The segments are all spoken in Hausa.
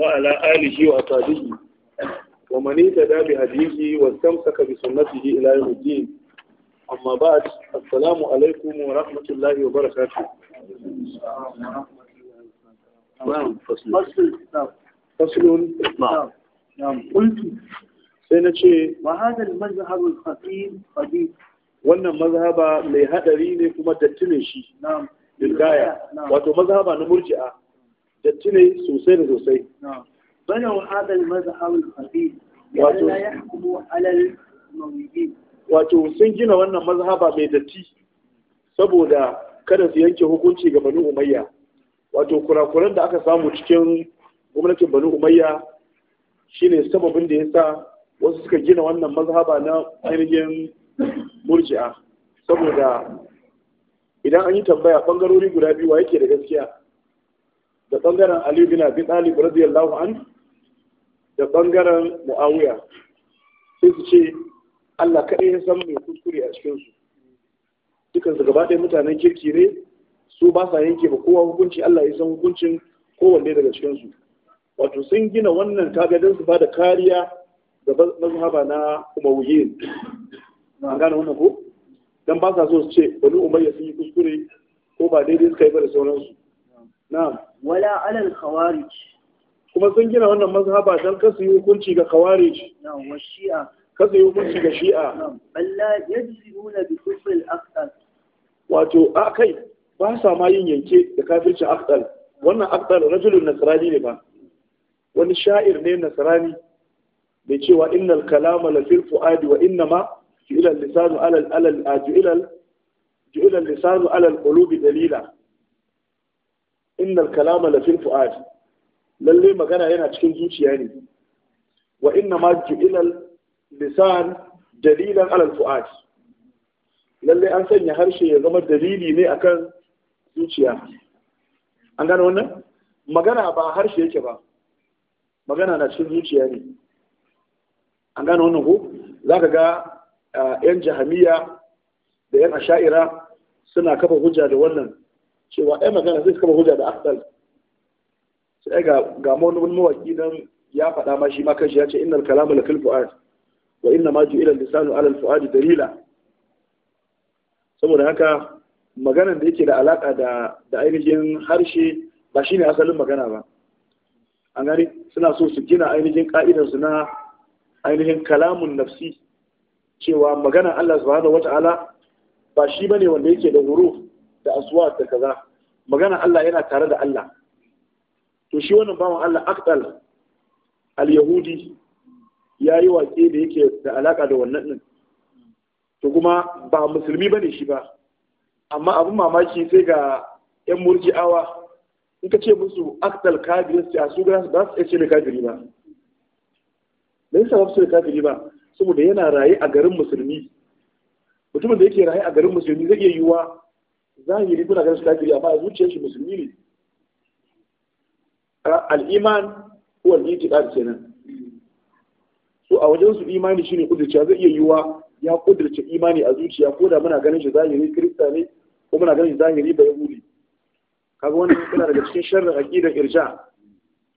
وعلى آله وأصحابه ومن اهتدى بهديه واستمسك بسنته إلى يوم الدين أما بعد السلام عليكم ورحمة الله وبركاته فصل فصل نعم قلت سنة وهذا المذهب الخطير قديم wannan mazhaba mai hadari ne kuma dattune shi lilgaya wato mazhaba na murji'a datti ne sosai da sosai bana wato wato sun gina wannan mazhaba mai datti saboda kada su yanke hukunci ga banu umayya wato kurakuran da aka samu cikin gwamnatin banu umayya shine sababin da ya sa wasu suka gina wannan mazhaba na ainihin murji'a saboda idan an yi tambaya bangarori guda biyu wa yake da gaskiya da bangaren Ali bin Abi Talib radiyallahu an da bangaren Muawiya sai su ce Allah kaɗai ya san mai kuskure a cikin su dukan su gaba ɗaya mutanen kirki ne su ba sa yanke ba kowa hukunci Allah ya san hukuncin kowanne daga cikin su wato sun gina wannan kagadin su ba da kariya ga mazhaba na Umayyin an gane wannan ko dan ba sa so su ce bani Umayya sun yi kuskure ko ba daidai suka yi ba da sauransu na'am wala alal khawarij kuma sun gina wannan mazhaba dan kasu yi hukunci ga khawarij na wa shi'a kasu yi hukunci ga shi'a balla yajzimuna bi kufri al aqdal wato a kai ba sa ma yin yanke da kafirci aqdal wannan aqdal rajulun nasrani ne ba wani sha'ir ne nasrani mai cewa innal kalama la fil fuadi wa innama ju'ila lisanu ala al ju'ila lisanu ala al qulubi dalila innal kalama la fil fu'ad lalle magana yana cikin zuciya ne wa inna ma ju'ilal lisan dalilan alal fu'ad lalle an sanya harshe ya zama dalili ne akan zuciya an gane wannan magana ba harshe yake ba magana na cikin zuciya ne an gane wannan ko za ka ga ah, yan jahamiya da yan asha'ira suna kafa hujja da wannan cewa ɗaya magana zai kama hujja da afdal sai ga ga wani mawaƙi nan ya faɗa ma shi ma ya ce innal kalamu lakil fuad wa inna ma ju'ila lisanu ala al-fuadi dalila saboda haka maganar da yake da alaka da da ainihin harshe ba shine asalin magana ba an gani suna so su gina ainihin ka'idar su na ainihin kalamun nafsi cewa magana Allah subhanahu wata'ala ba shi bane wanda yake da huruf da aswat da kaza magana Allah yana tare da Allah to shi wannan bawan Allah aqdal al-yahudi yayi wake da yake da alaka da wannan din to kuma ba musulmi bane shi ba amma abin mamaki sai ga yan murji'awa in ka ce musu aqdal kafir sai su ga ba su ce mai kafiri ba dan sa ba su kafiri ba saboda yana raye a garin musulmi mutumin da yake raye a garin musulmi zai iya yiwuwa zahiri kuna ganin su kafiri amma a zuciyar shi musulmi ne al'iman huwa al-i'tiqad kenan so a wajen su imani shine kudurciya zai iya yiwa ya kudurci imani a zuciya ko da muna ganin shi zahiri kirista ne ko muna ganin shi zahiri ba yahudi kaga wannan kuna daga cikin sharrin aqidar irja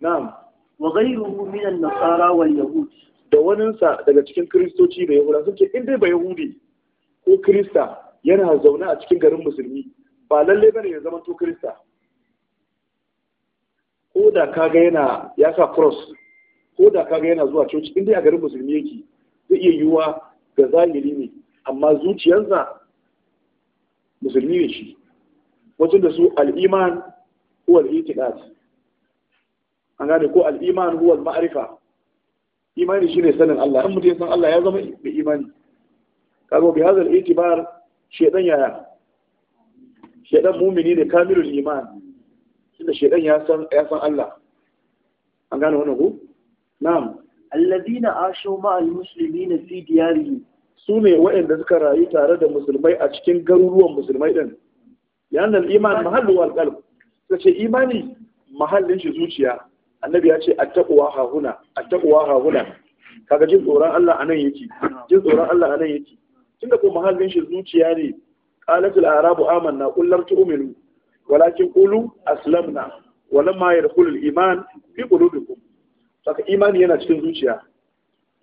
na'am wa ghayruhu min an-nasara wal yahud da waninsa daga cikin kristoci da yahuda sun ce in dai ba yahudi ko Kirista. yana zaune a cikin garin musulmi ba lalle bane ya zama to ko da kaga yana ya sa cross ko da kaga yana zuwa coci in dai a garin musulmi yake zai iya yiwuwa ga zahiri ne amma zuciyarsa musulmi ne shi wasu da su al'iman ko al'itiqad an gane ko al'iman huwa al-ma'rifa imani shine sanin Allah in mutum ya san Allah ya zama da imani kaga bi hadal itibar shaidan yaya shaidan mumini ne kamilul iman tunda shaidan ya san ya san Allah an gane wannan ku na'am alladhina ashu ma'al muslimina fi diyarihi su ne waɗanda suka rayu tare da musulmai a cikin garuruwan musulmai din yana iman mahallu wal qalb ce imani mahallin shi zuciya annabi ya ce attaqwa hahuna attaqwa hahuna kaga jin tsoron Allah anan yake jin tsoron Allah anan yake tunda ko mahallin shi zuciya ne qalatul arabu amanna qul lam tu'minu walakin qulu aslamna ma yadkhul al-iman fi qulubikum saka imani yana cikin zuciya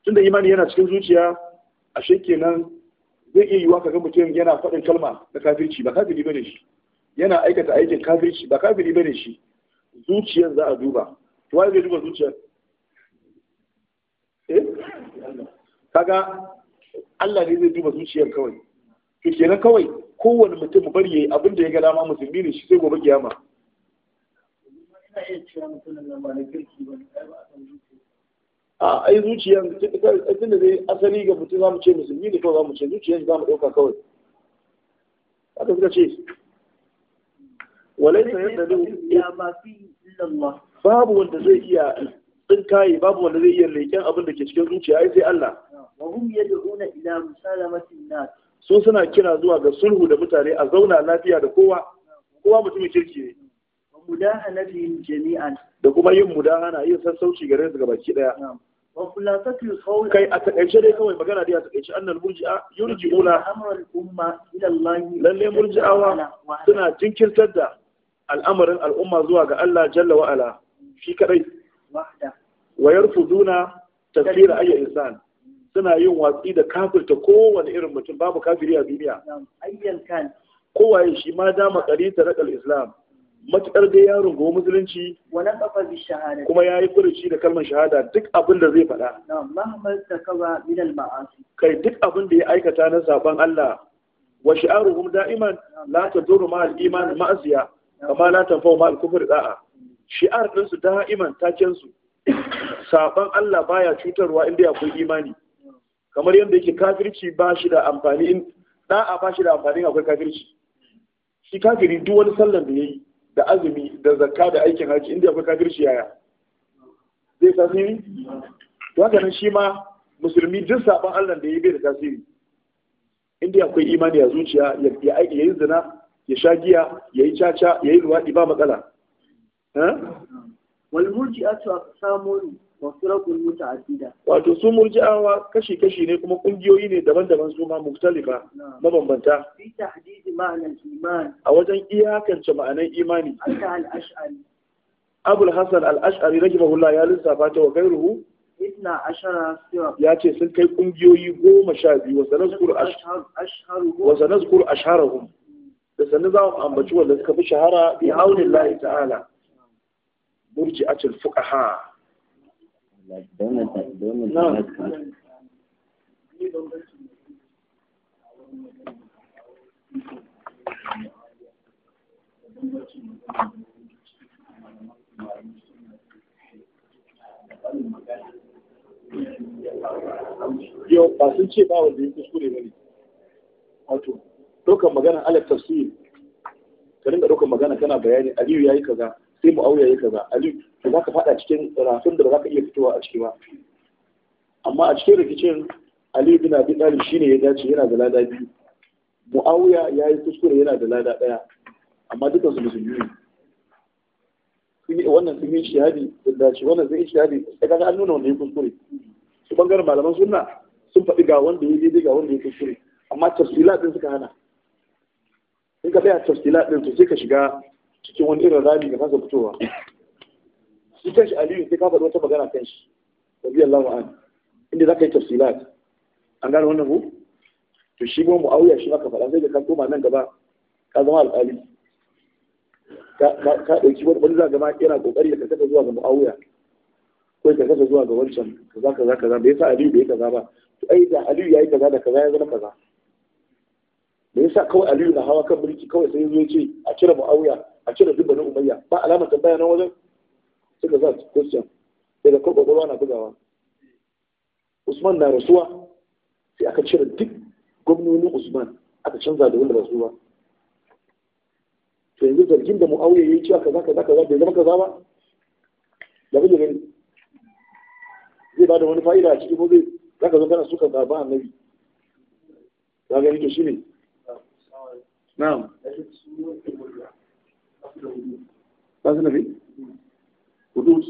tunda imani yana cikin zuciya ashe kenan zai iya yiwa kaga mutum yana faɗin kalma na kafirci ba kafiri bane shi yana aikata aikin kafirci ba kafiri bane shi zuciyar za a duba to wai zai duba zuciyar eh kaga Allah ne zai duba zuciyar kawai to kenan kawai kowane mutum bari yayi abin da ya ga dama musulmi ne shi sai gobe kiyama a ai zuciyar tunda zai asali ga mutum zamu ce musulmi ne kawai zamu ce zuciyar zamu dauka kawai haka suka ce walaisa yadda babu wanda zai iya tsinkaye babu wanda zai iya leƙen abin da ke cikin zuciya ai sai Allah wa hum yad'una ila musalamatin nas su suna kira zuwa ga sulhu da mutane a zauna lafiya da kowa kowa mutumin kirki ne mudahanatihim jami'an da kuma yin mudahana yin sassauci gare su gabaki daya wa khulasatu qawl kai a takaice dai kawai magana dai a takaice annal murji'a yurji'una amral umma ila Allah lalle murji'awa suna jinkirtar da al'amarin al'umma zuwa ga Allah jalla wa ala shi kadai wa yarfuduna tafsir ayyi insani suna yin watsi da kafirta kowane irin mutum babu kafiri a duniya ayyan kan kowaye shi ma dama ta tarakal islam Matuƙar dai ya rungo musulunci kuma ya bi shahada kuma furuci da kalmar shahada duk abin da zai faɗa ma'asi kai duk abin da ya aikata na saban Allah wa shi'aruhum da'iman la taduru ma al iman ma'asiya kama la tanfa'u ma al kufr da'a shi'ar din su da'iman taken su saban Allah baya cutarwa inda akwai imani kamar yadda yake kafirci ba shi da amfani in da'a ba shi da amfani akwai kafirci shi kafiri duk wani sallan da yayi da azumi da zakka da aikin haji inda akwai kafirci yaya zai tasiri to haka nan shi ma musulmi duk sabon Allah da yayi bai da tasiri inda akwai imani a zuciya ya aiki yayi zina ya sha giya yayi caca yayi luwadi ba matsala ha wal murji'atu aqsamun wato su murji'awa kashi-kashi ne kuma kungiyoyi ne daban-daban su ma muktalifa mabambanta a wajen iyakance ma'anan imani abul hasan al-ash'ari rahimahullah ya lissafa ta wa gairuhu ya ce sun kai kungiyoyi goma sha biyu wa sanazkur asharahum da sannu za mu ambaci wanda suka fi shahara bi aunin lahi ta'ala murji'atul fuqaha yau ba sun ce ba wanda ya kuskure ba ne wato ɗaukar magana alal tafsir ka dinga ɗaukar magana kana bayani aliyu ya yi kaza sai mu auya ya ba ali to za ka faɗa cikin rafin da ba za ka iya fitowa a ciki ba amma a cikin rikicin ali bin abi talib shine ya dace yana da lada biyu muawiya ya yi kuskure yana da lada ɗaya amma dukan su musulmi ne wannan sun yi shahadi da dace wannan sun yi shahadi sai kaga an nuna wanda ya kuskure su bangaren malaman sunna sun faɗi ga wanda ya daidai ga wanda ya kuskure amma tafsila din suka hana in ka tsaya tafsila din to sai ka shiga cikin wani irin rami ga kansa fitowa shi kanshi aliyu sai ka faɗi wata magana kan shi. kanshi Allah wa'an. inda za ka yi tafsilat an gane wannan ku to shi kuma mu'awiya shi aka faɗa sai da kan koma nan gaba ka zama alƙali ka ɗauki wani za gama yana ƙoƙari da ka kasa zuwa ga mu'awiya ko ka kasa zuwa ga wancan kaza kaza kaza bai sa aliyu bai kaza ba to ai da aliyu ya yi kaza da kaza ya zama kaza da yasa kawai aliyu na hawa kan mulki kawai sai zo ce a cire muawiya a cire duk bani umayya ba alamar tambaya nan wajen suka za su question daga kan kwakwalwa na bugawa usman na rasuwa sai aka cire duk gwamnonin usman aka canza da wanda rasuwa to yanzu zargin da muawiya yayi cewa kaza kaza kaza bai zama kaza ba da kake gani zai ba da wani fa'ida a cikin ko zai zaka zo kana suka ba annabi ka gani to shine na'am ba su da mai hudud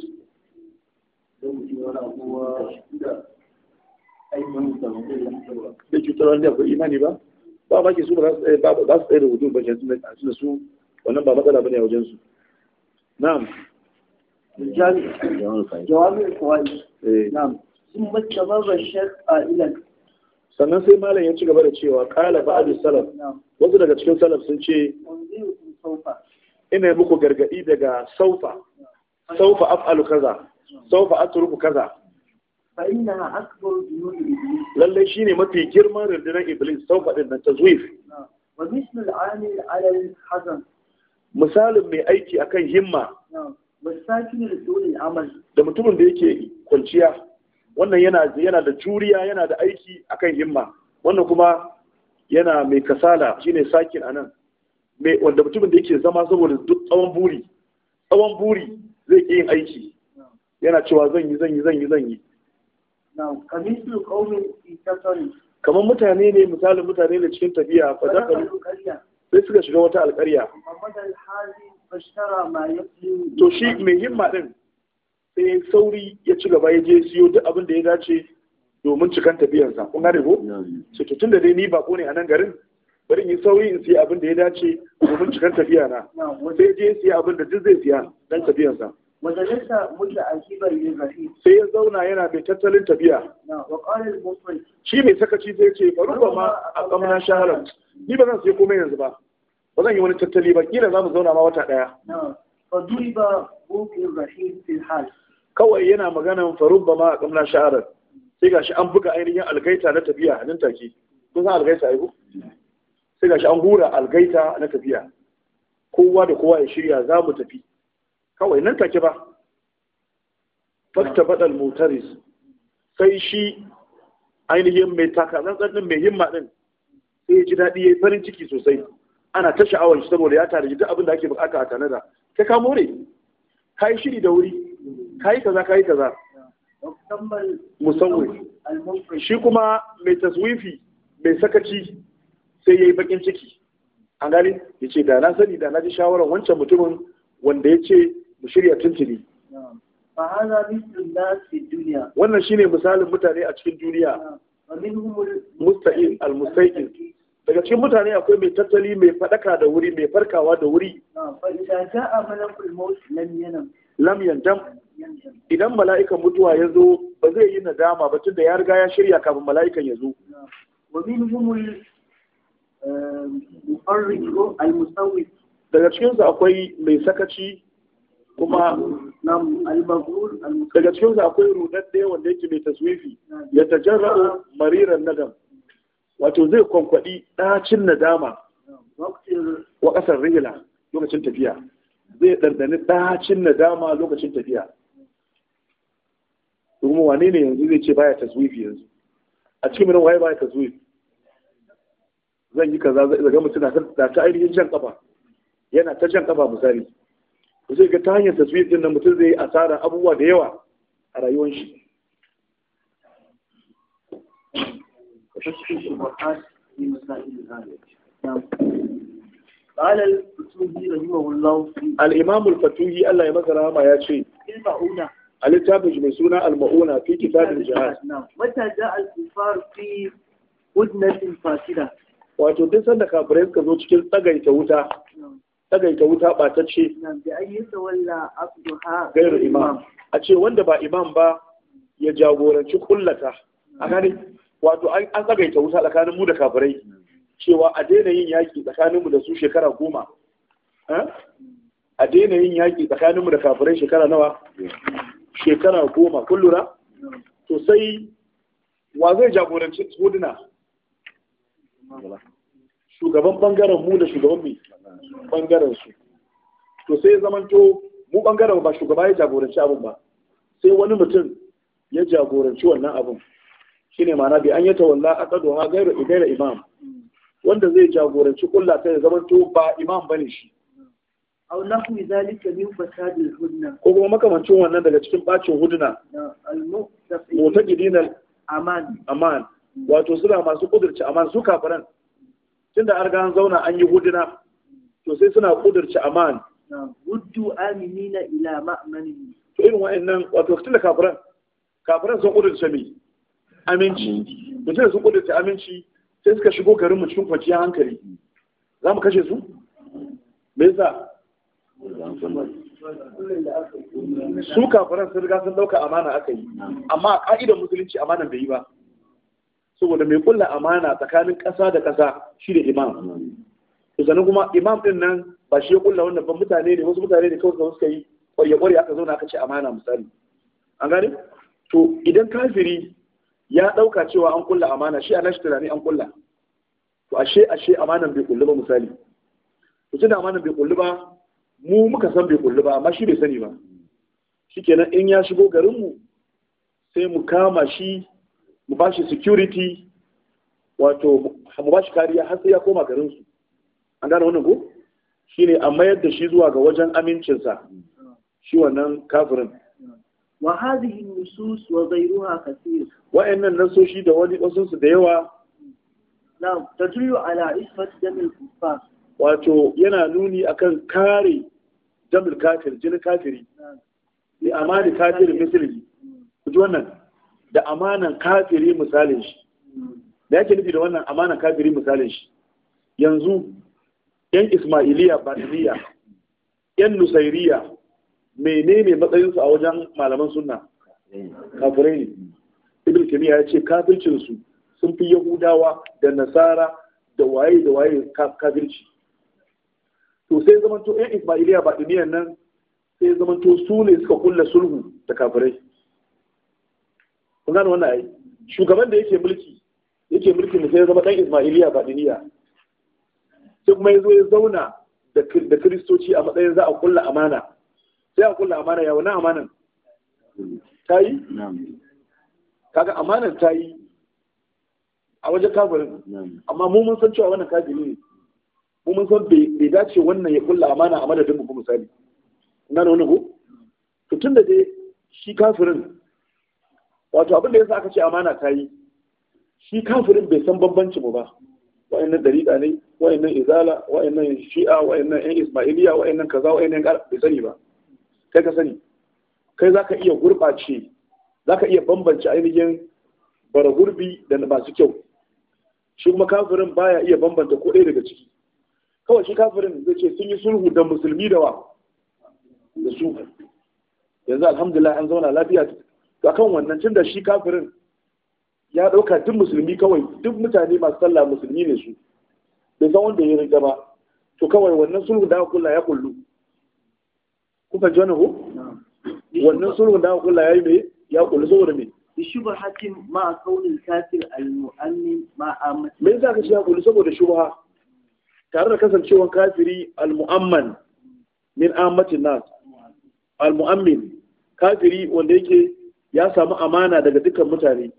da cutar wanda akwai imani ba ba ba ke su ba eh, su tsaye da hudud ba shi da su wannan ba matsala bane a wajen su na'am jami'ar kawai sannan sai malam ya ci gaba da cewa ba ba'd salaf wasu daga cikin salaf sun ce ina yi muku gargadi daga saufa saufa af'alu kaza saufa atruku kaza lallai shi ne mafi girman rundunar iblis saufa faɗin nan ta zuwif misalin mai aiki akan himma da mutumin da yake kwanciya wannan yana yana da juriya yana da aiki akan himma wannan kuma yana mai kasala shine sakin anan mai wanda mutumin da yake zama saboda duk tsawon buri tsawon buri zai yin aiki yana cewa zan yi zan yi zan yi zan yi kamar mutane ne misalin mutane ne cikin tafiya fa da sai suka shiga wata alƙarya to shi mai himma din sai ya sauri ya ci gaba ya je siyo duk abin da ya dace domin cikan tafiyarsa kun gane ko ce to tunda dai ni bako ne a nan garin bari yi sauri in siya abin da ya dace domin cikan tafiya na sai je siya abin da duk zai siya dan tafiyarsa majalisa mulla akibar yin sai ya zauna yana mai tattalin tafiya shi mai sakaci zai ce bari ba ma a kamna shahara ni ba zan sai komai yanzu ba ba zan yi wani tattali ba kila za mu zauna ma wata daya duri ba bukin rahim fil hal kawai yana farun ba ma a kamna sha'arar sai shi an buga ainihin algaita na tafiya nan take kun san algaita ai ko sai shi an hura algaita na tafiya kowa da kowa ya shirya za mu tafi kawai nan take ba fakta badal mutaris sai shi ainihin mai takarar tsarnin mai himma din sai ya ji daɗi ya yi farin ciki sosai ana ta sha'awar shi saboda ya tare duk abin da ake bukata a kanada ka kamo ne ka yi shiri da wuri kayi kaza kayi kaza musawwif shi kuma mai taswifi mai sakaci sai yayi bakin ciki an gani ya ce da na sani da na ji shawarar wancan mutumin wanda ya ce mu shirya tuntuni wannan shine misalin mutane a cikin duniya al-mustaqim daga cikin mutane akwai mai tattali mai fadaka da wuri mai farkawa da wuri lam yandam idan mala'ikan mutuwa ya zo ba zai yi nadama ba tunda ya riga ya shirya kafin mala'ikan ya zo eh, daga cikinsu akwai mai sakaci kuma daga cikinsu akwai rudadde wanda yake mai taswifi ya ta jarra'o mariran nadam wato zai kwankwaɗi ɗacin nadama wa ƙasar rigila lokacin tafiya zai ɗanɗani ɗacin nadama lokacin tafiya kuma wane ne yanzu zai ce baya taswifi yanzu a cikin minan waye baya taswifi zan yi kaza zaga mutum na ta ainihin jan kafa yana ta jan kafa misali ku zai ga ta hanyar taswifi din nan mutum zai yi asara abubuwa da yawa a rayuwar shi Thank you. قال الفتوهي رحمه الله الإمام الفتوهي الله يمكن رحمة يا شيء المؤونة الكتاب من سنة المؤونة في كتاب الجهاد متى جاء الكفار في هدنة فاسدة wato duk sanda kafirai suka zo cikin tsagaita wuta tsagaita wuta batacce gairu imam a ce wanda ba imam ba ya jagoranci kullata a gani wato an tsagaita wuta tsakanin mu da kafirai cewa a daina yin yaƙi tsakaninmu da su shekara goma a daina yin yaƙi tsakaninmu da kafirai shekara nawa shekara goma kullura to sai wa zai jagoranci huduna shugaban bangaren mu da shugaban mai bangaren su to sai zamanto mu bangaren ba shugaba ya jagoranci abin ba sai wani mutum ya jagoranci wannan abin shine ma'ana bi an yata wallah aqadu ha gairu gaira imam wanda zai jagoranci kulla ta zama to ba imam bane shi aw lahu zalika min fasadil hudna ko kuma makamancin wannan daga cikin bacin hudna al-mu'taqidin al-aman aman wato suna masu kudurci aman su kafiran tunda an ga an zauna an yi hudna to sai suna kudurci aman wuddu aminina ila ma'mani to irin wa'annan wato tunda kafiran kafiran sun kudurci me aminci mutum sun kudurci aminci sai suka shigo garin mu cikin kwanciyar hankali za mu kashe su me yasa su kafiran sun riga sun dauka amana aka yi amma a ka'idar musulunci amanan bai yi ba saboda mai kulla amana tsakanin ƙasa da ƙasa shi da imam sannan kuma imam din nan ba shi ya kulla wannan ban mutane ne wasu mutane ne kawai suka yi kwarya kwarya aka zauna aka ce amana misali an gani to idan kafiri ya ɗauka cewa an kulla amana shi a nashi tunani an kulla to ashe ashe amanan bai kulli ba misali to tunda amanan bai kulli ba mu muka san bai kulli ba amma shi bai sani ba shikenan in ya shigo garin mu sai mu kama shi mu ba shi security wato mu ba shi kariya har sai ya koma garinsu. su an gane wannan ko shine a mayar da shi zuwa ga wajen amincinsa shi wannan kafirin wa hadhihi nusus wa ghayruha kathir wa'annan nasoshi da wani wasu su da yawa na'am tadullu ala isfat jamil kuffar wato yana nuni akan kare jamil kafir jin kafiri bi amani kafiri misali mm. ku ji wannan da amanan kafiri misalin shi da mm. yake nufi da wannan amanan kafiri misalin shi yanzu yan ismailiya batiniya yan nusairiya menene matsayinsu a wajen malaman sunna kafirai ne ibn kimiyya ya ce kafircinsu sun fi yahudawa da nasara da waye da waye kafirci to sai zamanto ɗan ismailiya ba duniyan nan sai zamanto su ne suka kulla sulhu da kafirai kuma wannan ai shugaban da yake mulki yake mulkin sai zama dan ismailiya ba duniya sai kuma ya zo ya zauna da kiristoci a matsayin za a kulla amana sai a kula amana ya wani amanan ta yi kaga amanan ta yi a waje kafirin amma mu mun san cewa wannan kafin ne mu mun san bai dace wannan ya kula amana a madadin mu misali na da wani ko to tun da dai shi kafirin wato abin da sa aka ce amana ta yi shi kafirin bai san bambanci mu ba wa'annan dariƙa ne wa'annan izala wa'annan shi'a wa'annan yan ismailiya wa'annan kaza wa'annan bai sani ba kai ka sani kai za ka iya gurɓace za ka iya bambance ainihin bara gurbi da masu kyau shi kuma kafirin baya iya bambanta ko ɗaya daga ciki kawai shi kafirin zai ce sun yi sulhu da musulmi da wa da su yanzu alhamdulillah an zauna lafiya a kan wannan tun da shi kafirin ya ɗauka duk musulmi kawai duk mutane masu sallah musulmi ne su bai san wanda ya riga ba to kawai wannan sulhu da aka ya kullu kuka ji wani wannan sulhun da aka kula yi mai ya kula saboda me shubha hakin ma kaunin kafir al-mu'min ma amat me yasa ka ce ya kula saboda shubha tare da kasancewan kafiri al-mu'amman min amatin nas al-mu'ammin kafiri wanda yake ya samu amana daga dukkan mutane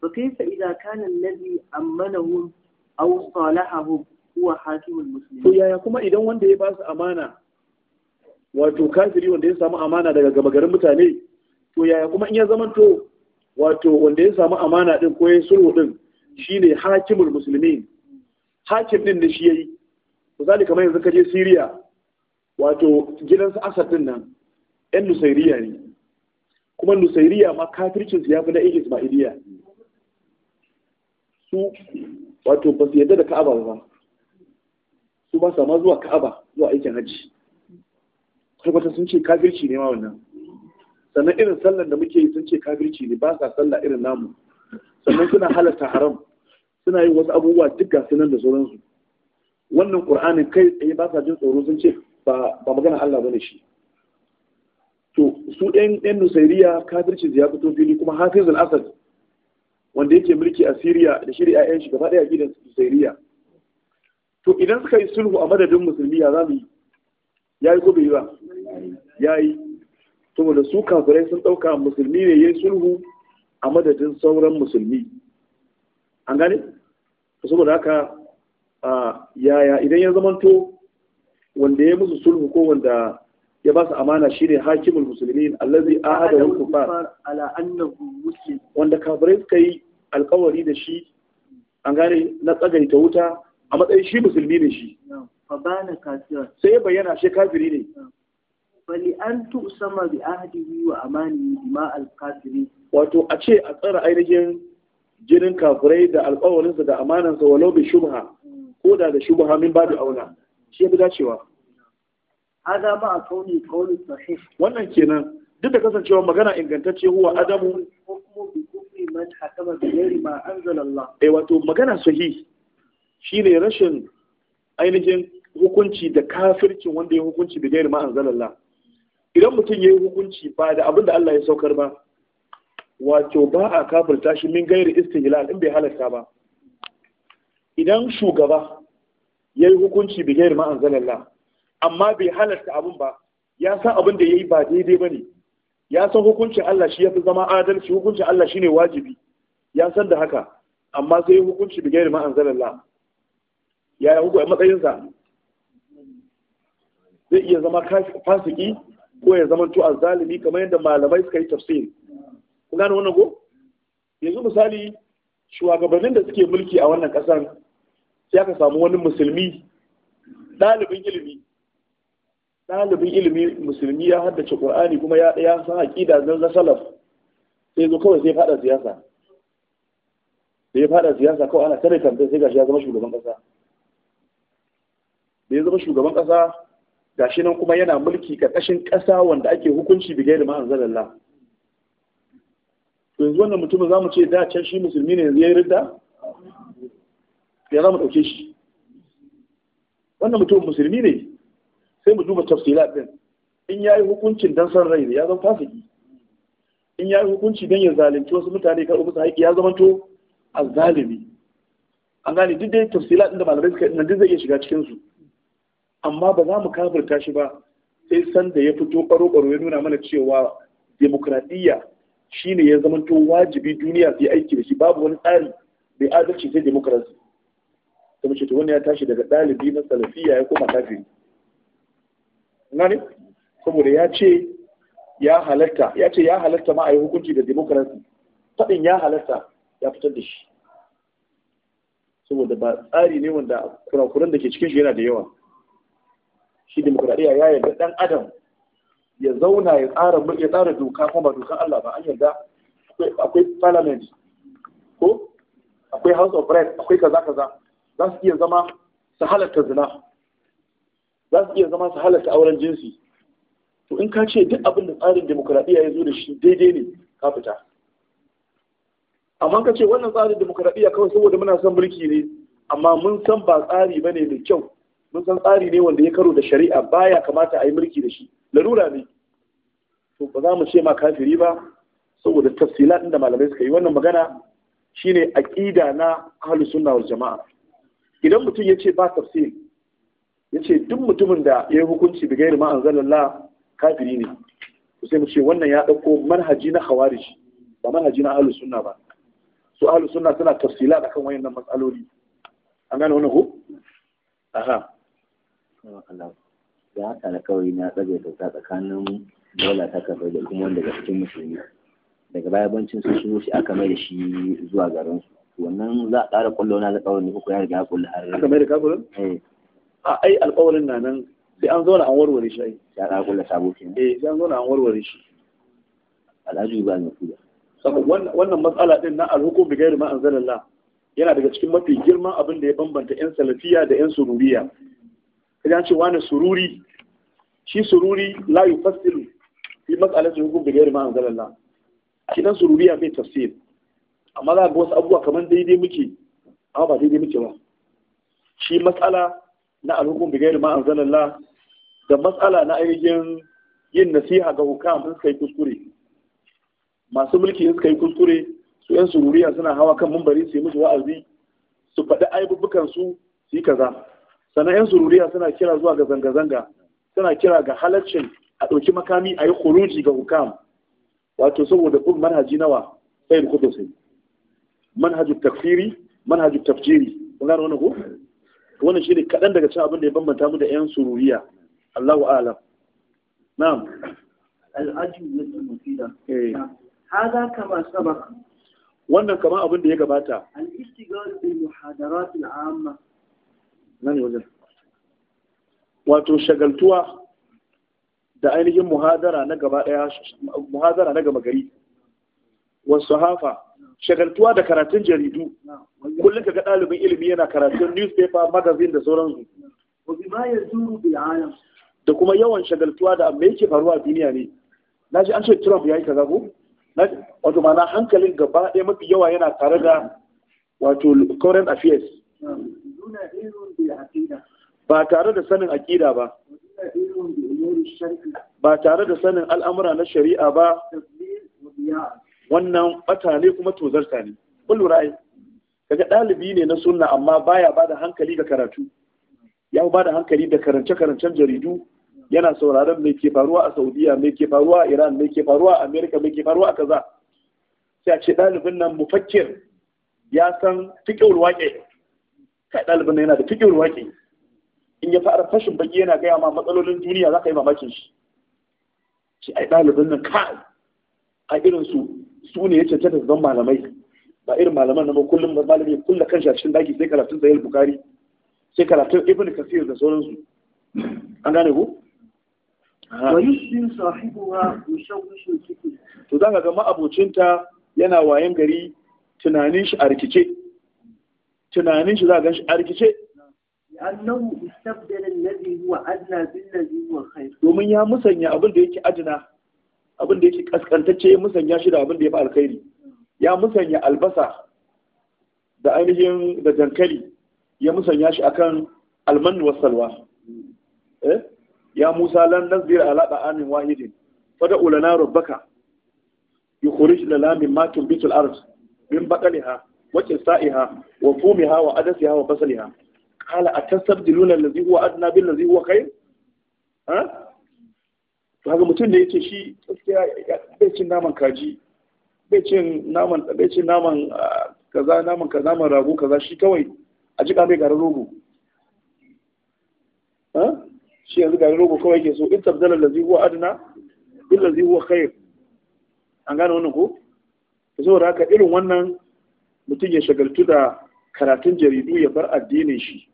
fa kaifa idza kana allazi amanahum aw salahahu huwa hakimul muslimin to yaya kuma idan wanda ya ba su amana wato kafiri wanda ya samu amana daga gaba garin mutane to yaya kuma in ya zamanto wato wanda ya samu amana din ko ya sulhu din shine hakimul musulmi, hakim din da shi yayi misali kamar yanzu kaje Syria wato gidan su Assad din nan ɗan Nusairiya ne kuma Nusairiya ma kafircin su yafi na Ismailiya su wato ba su yadda da Ka'aba ba su ba sa ma zuwa Ka'aba zuwa aikin hajji tabbatar sun ce kafirci ne ma wannan sannan irin sallar da muke yi sun ce kafirci ne ba sa sallah irin namu sannan suna halatta haram suna yi wasu abubuwa duk ga sunan da sauransu wannan qur'anin kai tsaye ba sa jin tsoro sun ce ba magana Allah bane shi to su ɗan ɗan nusairiya kafirci ya fito fili kuma hafiz al-asad wanda yake mulki a Syria da shirya 'ya'yan shi gaba ɗaya gidan nusairiya to idan suka yi sulhu a madadin musulmi ya zamu yi yayi ko bai yi ba ya yi saboda su kafirai sun ɗauka musulmi ne ya yi sulhu a madadin sauran musulmi an gane saboda haka yaya idan ya zamanto wanda ya musu sulhu ko wanda ya ba su amana ne hakimul musulmin allazi ahada wal kufar ala annahu wanda kafirai suka yi alkawari da shi an gane na tsagaita wuta a matsayin shi musulmi ne shi sai ya bayyana shi kafiri ne Bali an tu sama bi ahdihi wa amani bima al kafiri wato a ce a tsara ainihin jinin kafirai da alƙawarinsa da amanansa walau bi shubha ko da da shubha min babu auna shi ya fi dacewa hada ma a kauni kauli sahih wannan kenan duk da kasancewa magana ingantacce huwa adamu ko man hakama bi ghairi ma anzala Allah eh wato magana sahih shine rashin ainihin hukunci da kafircin wanda ya hukunci bi gairi ma anzalallah idan mutum ya yi hukunci ba da abin da Allah ya saukar ba wato ba a kafirta shi min gairi istihlal in bai halarta ba idan shugaba ya yi hukunci bi gairi ma amma bai halarta abin ba ya san abin da ya yi ba daidai ba ne ya san hukuncin Allah shi ya fi zama adalci hukuncin Allah shi ne wajibi ya san da haka amma sai hukunci bi gairi ma'an anzalallah ya yi hukunci matsayinsa zai iya zama fasiki ko ya zama to azalimi kamar yadda malamai suka yi tafsiri ku gane wannan ko yanzu misali shugabannin da suke mulki a wannan kasan sai aka samu wani musulmi Dalibin ilimi Dalibin ilimi musulmi ya haddace qur'ani kuma ya ya san aqida zan salaf sai zo kawai sai fada siyasa Sai ya fada siyasa kawai ana tare tambaye sai gashi ya zama shugaban kasa da ya zama shugaban kasa gashi nan kuma yana mulki ƙarƙashin ƙasa wanda ake hukunci bi gairi ma'anzalallah to yanzu wannan mutumin za mu ce da can shi musulmi ne yanzu ya yi ridda ya za mu ɗauke shi wannan mutumin musulmi ne sai mu duba tafsila ɗin in ya yi hukuncin dan san rai ya zama fasiki in ya yi hukunci don ya zalunci wasu mutane kar ubusa haƙƙi ya a zalimi an gane duk dai tafsila ɗin da malamai suka yi duk zai iya shiga cikinsu. amma ba za mu kafirta shi ba sai sanda ya fito ƙwaro-ƙwaro ya nuna mana cewa demokradiyya shine ya to wajibi duniya su yi aiki da shi babu wani tsari mai adalci sai demokrasi ta mace to wani ya tashi daga ɗalibi na salafiya ya koma kafiri ne saboda ya ce ya halatta ya ce ya halatta ma a yi hukunci da demokrasi faɗin ya halatta ya fitar da shi saboda ba tsari ne wanda kurakuran da ke cikin shi yana da yawa shi demokradiya ya yarda dan adam ya zauna ya tsara ya tsara doka kuma ba dokan Allah ba an yarda akwai parliament ko akwai house of reps akwai kaza kaza za su iya zama su halatta zina za su iya zama su halatta auren jinsi to in ka ce duk abin da tsarin demokradiya ya zo da shi daidai ne ka fita amma ka ce wannan tsarin demokradiya kawai saboda muna son mulki ne amma mun san ba tsari bane mai kyau mun san tsari ne wanda ya karo da shari'a baya kamata a yi mulki da shi larura ne to ba za mu ce ma kafiri ba saboda tafsila ɗin da malamai suka yi wannan magana shine ƙida na ahlus sunna wal jama'a idan mutum ya ce ba tafsil ya ce duk mutumin da ya yi hukunci bi gairi ma'an zalalla kafiri ne to sai mu ce wannan ya ɗauko manhaji na khawarij ba manhaji na ahlus sunna ba su ahlus sunna suna tafsila kan wayannan matsaloli an gane wannan ko aha ya haka alkawari na tsagai kyauta tsakanin daula ta kafai da kuma wanda daga cikin musulmi daga baya bancin su shigo shi aka mai da shi zuwa garin su wannan za a ƙara kwallo na alkawarin ko ya riga kullu har aka mai da kakulun eh a ai alkawarin na nan sai an zauna an warware shi ai ya ƙara kullu sabo kenan eh sai an zauna an warware shi alhaji ba ne kuda saboda wannan matsala din na alhukum bi ghairi ma anzalallah yana daga cikin mafi girman abin da ya bambanta yan salafiya da yan sururiya idan ce wani sururi shi sururi la fasiru fi mas'alati hukum da gari ma anzalallah shi dan sururiya bai tafsir amma za ga wasu abubuwa kamar daidai muke amma ba daidai muke ba shi matsala na alhukum da gari ma anzalallah da matsala na ainihin yin nasiha ga hukam sun kai kuskure masu mulki suka yi kuskure su yan sururiya suna hawa kan mumbari su yi musu wa'azi su faɗi aibubukan su su yi kaza sannan yan zururiya suna kira zuwa ga zanga-zanga suna kira ga halaccin a ɗauki makami a yi kuruji ga hukam wato saboda bin manhaji nawa sai da kudu sai manhajin tafsiri manhajin tafjiri kun gano wani ko wannan ne kaɗan daga cikin abin da ya bambanta mu da yan sururiya Allahu a'lam na'am al-ajwiyatu mufida eh hada kama sabaka wannan kama abin da ya gabata al-istighar bil muhadarat al-amma nan wajen wato shagaltuwa da ainihin muhadara na gaba daya muhadara na gaba gari wasu hafa shagaltuwa da karatun jaridu kullum ga ɗalibin ilimi yana karatun newspaper magazine da sauransu da kuma yawan shagaltuwa da me yake faruwa a duniya ne na ji an ce trump ya yi kaza ko wato mana hankalin gaba ɗaya mafi yawa yana tare da wato current affairs ba tare da sanin aƙida ba ba tare da sanin al'amura na shari'a ba wannan bata kuma tozarta ne kullu ra'ayi kaga ɗalibi ne na suna amma baya ba da hankali ga karatu ya ba da hankali da karance-karancen jaridu yana sauraron mai ke faruwa a saudiya mai ke faruwa a iran mai ke faruwa a amerika mai ke faruwa a kaza sai a ce ɗalibin nan mufakir ya san fiƙe waƙe kai ɗalibin yana da fiƙin waƙi in ya fara fashin baki yana gaya ma matsalolin duniya za ka yi mamakin shi shi ai ɗalibin nan kai a irin su su ne ya cancanta su zan malamai ba irin malaman nan ba kullum malami ya kulla kan shashin daki sai karatun sahih bukari sai karatun ibn kasir da sauransu an gane ku ah. wa yusbin sahibuha yushawwishu to zaka ga ma'abocinta yana wayan gari tunanin shi a rikice tunanin shi za a gan shi a rikice annahu istabdala alladhi huwa adna bil ladhi huwa khair domin ya musanya abin da yake adna abin da yake kaskantacce ya musanya shi da abin da ya fi alkhairi ya musanya albasa da ainihin da dankali ya musanya shi akan alman wa salwa eh ya Musa lan nazir ala ba'amin wahidin fada ulana rabbaka yukhrij lana mimma tunbitul ard min baqaliha وكسائها وفومها وعدسها وبصلها قال أتستبدلون الذي هو أدنى بالذي هو خير ها to haka mutum da yake shi gaskiya bai cin naman kaji bai cin naman bai cin naman ah, kaza naman kaza naman rago kaza shi kawai a jika mai garin rogo ha shi yanzu garin rogo kawai yake so in tabdala lazi huwa adna bil lazi huwa khair an gane wannan ko saboda haka irin wannan mutum ya shagaltu da karatun jaridu ya bar addinin shi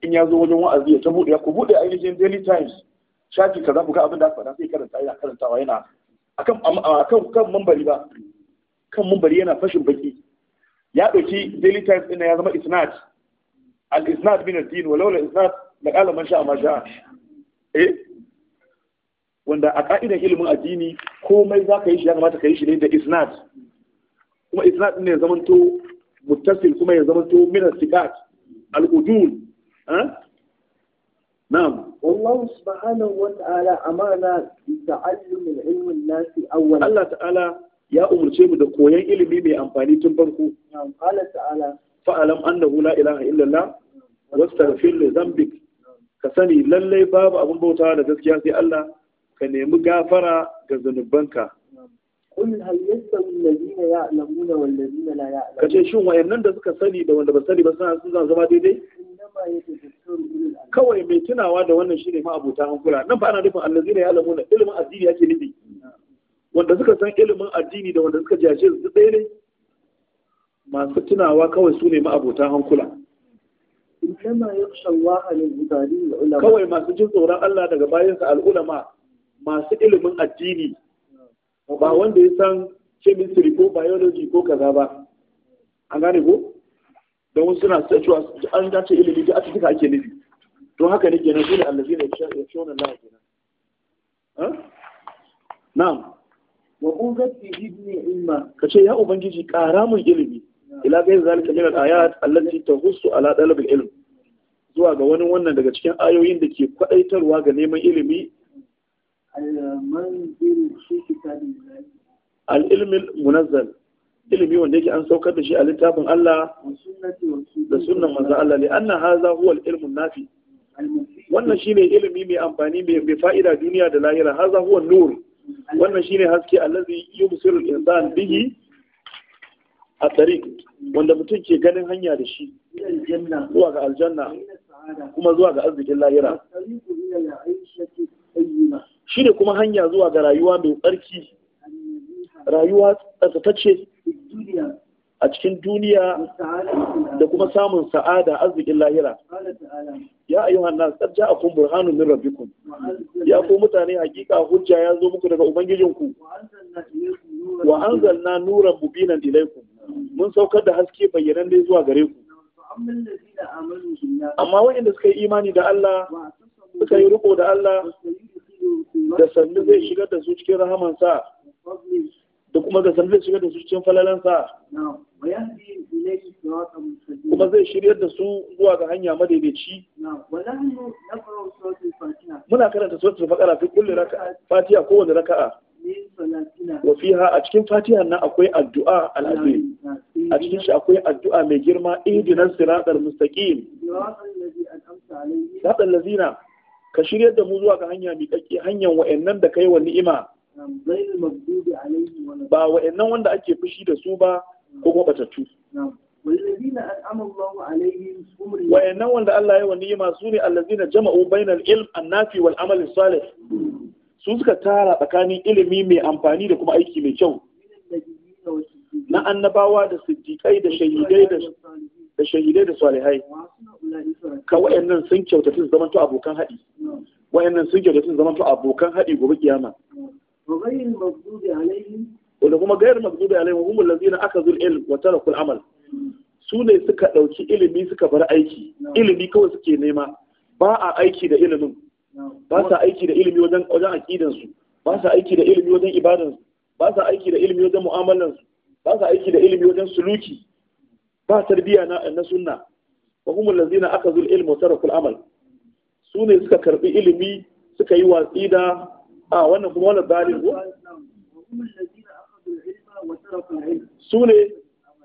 in ya zo wajen wa'azi ya ta buɗe ku buɗe ainihin daily times shafi kaza ku ga abin da aka faɗa sai karanta yana karantawa yana akan akan kan mambari ba kan mambari yana fashin baki ya ɗauki daily times ɗin ya zama isnad al isnad bin ad-din walau la isnad la qala man sha'a ma sha'a eh wanda a ka'idan ilimin addini komai za ka yi shi ya kamata ka yi shi ne da isnad kuma isnad ne ya zamanto muttasil kuma ya zamanto min al-thiqat al-udul ha na'am Allah subhanahu wa ta'ala amana bi ta'allum al-ilm an-nas awwal Allah ta'ala ya umurce mu da koyon ilimi mai amfani tun farko na'am Allah ta'ala fa'alam annahu la ilaha illallah wastaghfir li dhanbik ka sani lallai babu abin bauta da gaskiya sai Allah ka nemi gafara ga zanubanka Kul hal yastawi alladhina ya'lamuna wal ladina la ya'lamun kace shin wayannan da suka sani da wanda ba sani ba suna sun zama daidai kawai mai tunawa da wannan shine ma abota hankula nan ba ana nufin allazina ya'lamuna ilimin addini yake nufi wanda suka san ilimin addini da wanda suka jace su ɗaya ne masu tunawa kawai su ne ma hankula kawai masu jin tsoron Allah daga bayansa al'ulama masu ilimin addini ba wanda ya san chemistry ko biology ko kaza ba an gane ko don wasu suna cewa an dace ilimi da aka kika ake nufi don haka ne kenan dole allazi ne ya shona Allah kenan na'am wa ungati ibni ilma kace ya ubangiji ƙara mun ilimi ila ga zalika min al-ayat allati tahussu ala talab ilm zuwa ga wani wannan daga cikin ayoyin da ke kwadaitarwa ga neman ilimi al'ilmin munazzal ilimi wanda yake an saukar da shi a littafin Allah da sunan manzan Allah ne an na haza huwa ilmin nafi wannan shi ne ilimi mai amfani mai fa'ida duniya da lahira haza huwa nur wannan shi ne haske allazi yubsiru al-insan bihi a tariq wanda mutum ke ganin hanya da shi zuwa ga aljanna kuma zuwa ga arzikin lahira shi ne kuma hanya zuwa ga rayuwa mai tsarki rayuwa tsarkatacce a cikin duniya da kuma samun sa'ada arzikin lahira ya a tsarja a kumbur hannun min rabbikum ya ko mutane hakika hujja ya zo muku daga ubangijinku wa anzalna nuran mubinan ilaykum mun saukar da haske bayyanan ne zuwa gare ku amma waɗanda suka yi imani da Allah suka yi riko da Allah da sannu zai shigar da su cikin rahamansa da kuma da sannu zai shigar da su cikin falalansa kuma zai shiryar da su zuwa ga hanya madaidaici muna karanta suratul baqara fi kulli raka'a fatiha kowace raka'a wa fiha a cikin fatiha nan akwai addu'a al'azim a cikin shi akwai addu'a mai girma ihdinas siratal mustaqim siratal lazina ka shirya da mu zuwa ga hanya miƙaƙƙe hanyar wa'annan da kai wa ni'ima ba wa'annan wanda ake fushi da su ba ko kuma batattu wa'annan wanda Allah ya wa ni'ima su ne allazina jama'u bainal ilm annafi wal amal salih su suka tara tsakanin ilimi mai amfani da kuma aiki mai kyau na annabawa da siddiƙai da shahidai da da shahidai da salihai ka wayannan sun tun zaman to abokan haɗi wayannan sun tun zaman to abokan haɗi gobe kiyama wanda kuma gairar magdubi alaihim hum allazina akazu al-ilm wa taraku al-amal su ne suka ɗauki ilimi suka bar aiki ilimi kawai suke nema ba a aiki da ilimin ba sa aiki da ilimi wajen wajen aqidansu ba sa aiki da ilimi wajen ibadansu ba sa aiki da ilimi wajen mu'amalansu ba sa aiki da ilimi wajen suluki ba tarbiya na na sunna wa hum allazina akazu al-ilm wa taraku amal su ne suka karbi ilimi suka yi watsi da a wannan kuma wannan zalim ko su ne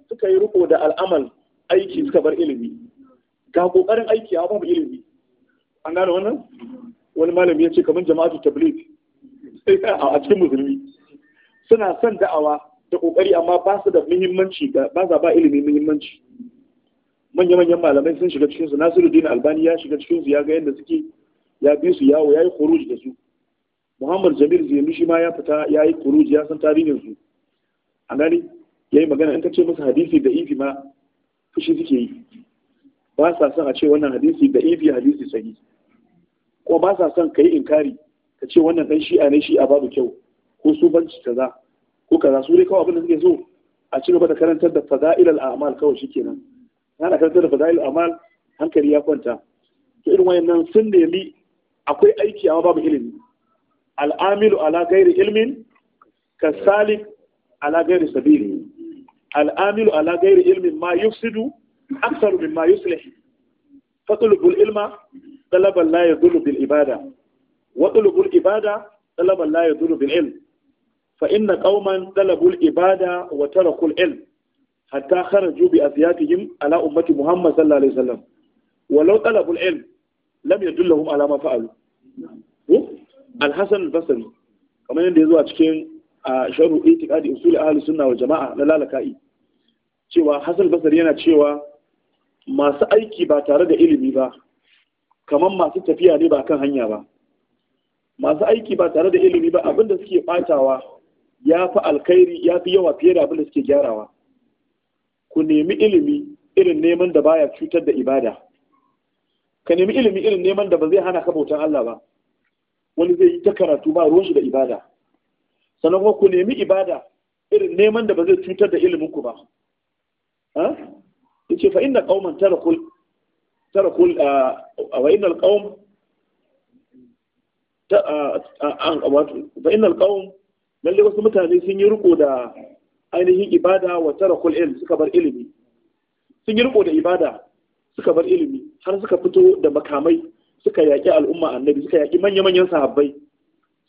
suka yi ruko da al'amal aiki suka bar ilimi ga kokarin aiki a babu ilimi an gane wannan wani malami ya ce kamar jama'atu tabligh a cikin musulmi suna son da'awa da kokari amma ba su da muhimmanci ga ba za ba ilimi muhimmanci manya manyan malamai sun shiga cikin su Nasiruddin Albani ya shiga cikin su ya ga yadda suke ya bi su yawo yayi khuruj da su Muhammad Jamil Zainu shi ma ya fita yayi khuruj ya san tarihin su a gani yayi magana in ka ce musu hadisi da ifi ma fushi suke yi ba sa son a ce wannan hadisi da ifi hadisi sahi ko ba sa son ka yi inkari ka ce wannan dan shi'a ne shi'a babu kyau ko ta za. ko kaza su dai kawai abin da suke so a ci gaba da karantar da fada'ilal a'mal kawai shikenan ana karantar da fada'ilal a'mal hankali ya kwanta to irin wayannan sun nemi akwai aiki amma babu ilimi al'amilu ala gairi ilmin ka salik ala gairi sabili al'amilu ala gairi ilmin ma yufsidu aksaru min ma yuslih fatlubul ilma talaban la yadullu bil ibada wa talabul ibada talaban la yadullu bil ilm fa inna qauman talabul ibada wa tarakul ilm hatta kharaju bi afyatihim ala ummati Muhammad sallallahu alaihi wasallam walau talabul ilm lam yadullahum ala ma fa'alu al-hasan al-basri kamar yadda ya zo a cikin sharhu itiqadi usul ahli sunna wal jama'a na lalaka'i cewa hasan basari yana cewa masu aiki ba tare da ilimi ba kamar masu tafiya ne ba kan hanya ba masu aiki ba tare da ilimi ba abinda suke batawa ya fi alkhairi ya fi yawa fiye da abinda suke gyarawa ku nemi ilimi irin neman da baya cutar da ibada ka nemi ilimi irin neman da ba zai hana ka bautan Allah ba wani zai yi ta karatu ba ruwan shi da ibada sannan kuma ku nemi ibada irin neman da ba zai cutar da ilimin ku ba ha yace fa inna qauman tarakul tarakul wa innal qaum fa innal qaum lalle wasu mutane sun yi riko da ainihin ibada wa tara ilm suka bar ilimi sun yi riko da ibada suka bar ilimi har suka fito da makamai suka yaƙi al'umma annabi suka yaƙi manya-manyan sahabbai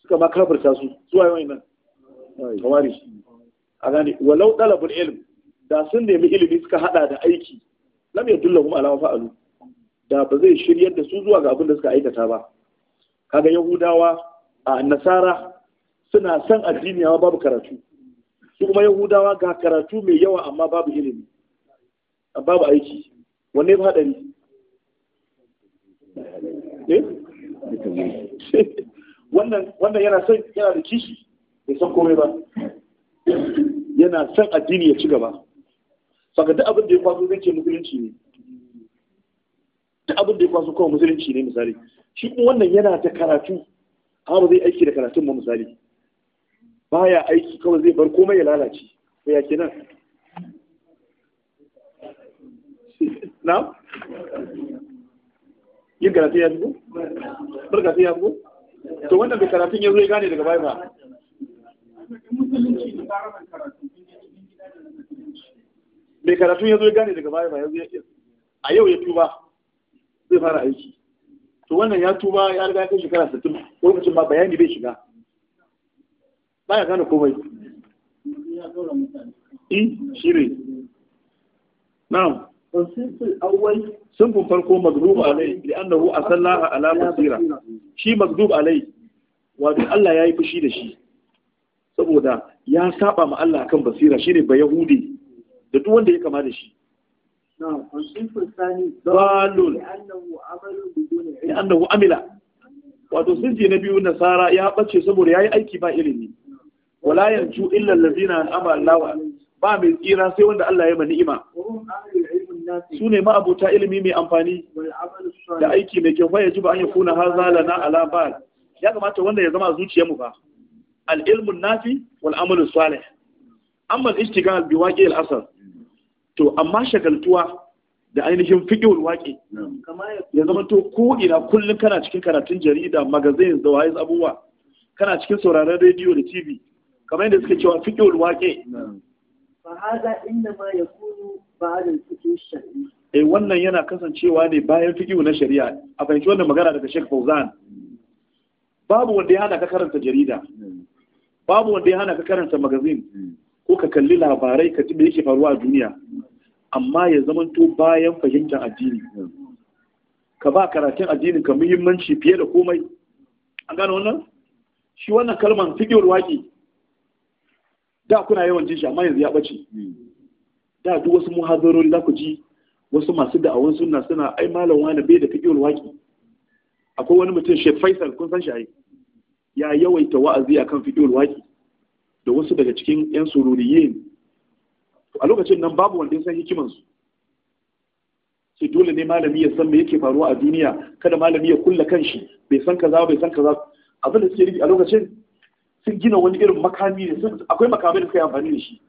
suka ma kafirta su zuwa yawan nan kawari a gane walau ɗalabul ilm da sun nemi ilimi suka hada da aiki lam yadulla kuma alama fa'alu da ba zai shiryar da su zuwa ga abin da suka aikata ba kaga yahudawa a nasara suna son addini amma babu karatu su kuma yahudawa ga karatu mai yawa amma babu ilimi babu aiki wanne ba haɗari eh? wannan wannan yana son yana da kishi bai san komai ba yana son addini ya ci gaba saka duk abin da ya kwaso zai ce musulunci ne duk abin da ya kwaso kawai musulunci ne misali shi kuma wannan yana ta karatu amma ba zai aiki da karatun ba misali baya aiki kawai zai bar komai ya lalace ko ya kenan na yin karatu ya zubo? barka sai ya zubo? to wannan da karatun ya zo ya gane daga baya ba mai karatun ya zo ya gane daga baya ba yanzu a yau ya tuba zai fara aiki to wannan ya tuba ya riga ya kai shekara 60 lokacin ba bayani bai shiga baya gane komai eh shi ne na'am sunfin farko magdub alai da annahu a ala basira shi magdub alai wato Allah ya yi fushi da shi saboda ya saba ma Allah kan basira ne ba yahudi da duk wanda ya kama da shi dalul da annahu amila wato sunji na biyu nasara ya bace saboda ya yi aiki ba ilimi wala yanju illa allazina amara Allah ba mai tsira sai wanda Allah ya ma ni'ima Sune ne ma'abuta ilimi mai amfani da aiki mai kyau bai ji ba an kuna har lana ala bal ya kamata wanda ya zama mu ba al ilmun nafi wal amalu salih amma istigal bi waqi al asr to amma shagaltuwa da ainihin fiƙiwar waƙe ya zama to ko ina kullum kana cikin karatun jarida magazin da waye abubuwa kana cikin sauraron rediyo da tv kamar yadda suke cewa fiqhul waqi fa hada inda ma yakunu ba'da fiqh shari'a. eh wannan yana kasancewa ne bayan fiqh na shari'a a fahimci wannan magana daga Sheikh Fauzan babu wanda ya hana ka karanta jarida babu wanda ya hana ka karanta magazin, hmm. ko ka kalli labarai ka ji me yake faruwa a duniya hmm. amma ya zamanto bayan fahimtar addini hmm. ka ba karatun addinin ka muhimmanci fiye da komai an gano wannan shi wannan kalman fiqhul waqi da kuna yawan jin shi amma yanzu ya ɓace da duk wasu muhazarori za ku ji wasu masu da'awan sunna suna ai malam wani bai da fiƙiyar waƙi akwai wani mutum shef Faisal kun san shi ya yawaita wa'azi akan fiƙiyar waƙi da wasu daga cikin yan sururiyin a lokacin nan babu wanda ya san hikiman su sai dole ne malami ya san me yake faruwa a duniya kada malami ya kulla kanshi bai san kaza bai san kaza abin da suke a lokacin sun gina wani irin makami ne akwai makami da kai amfani da shi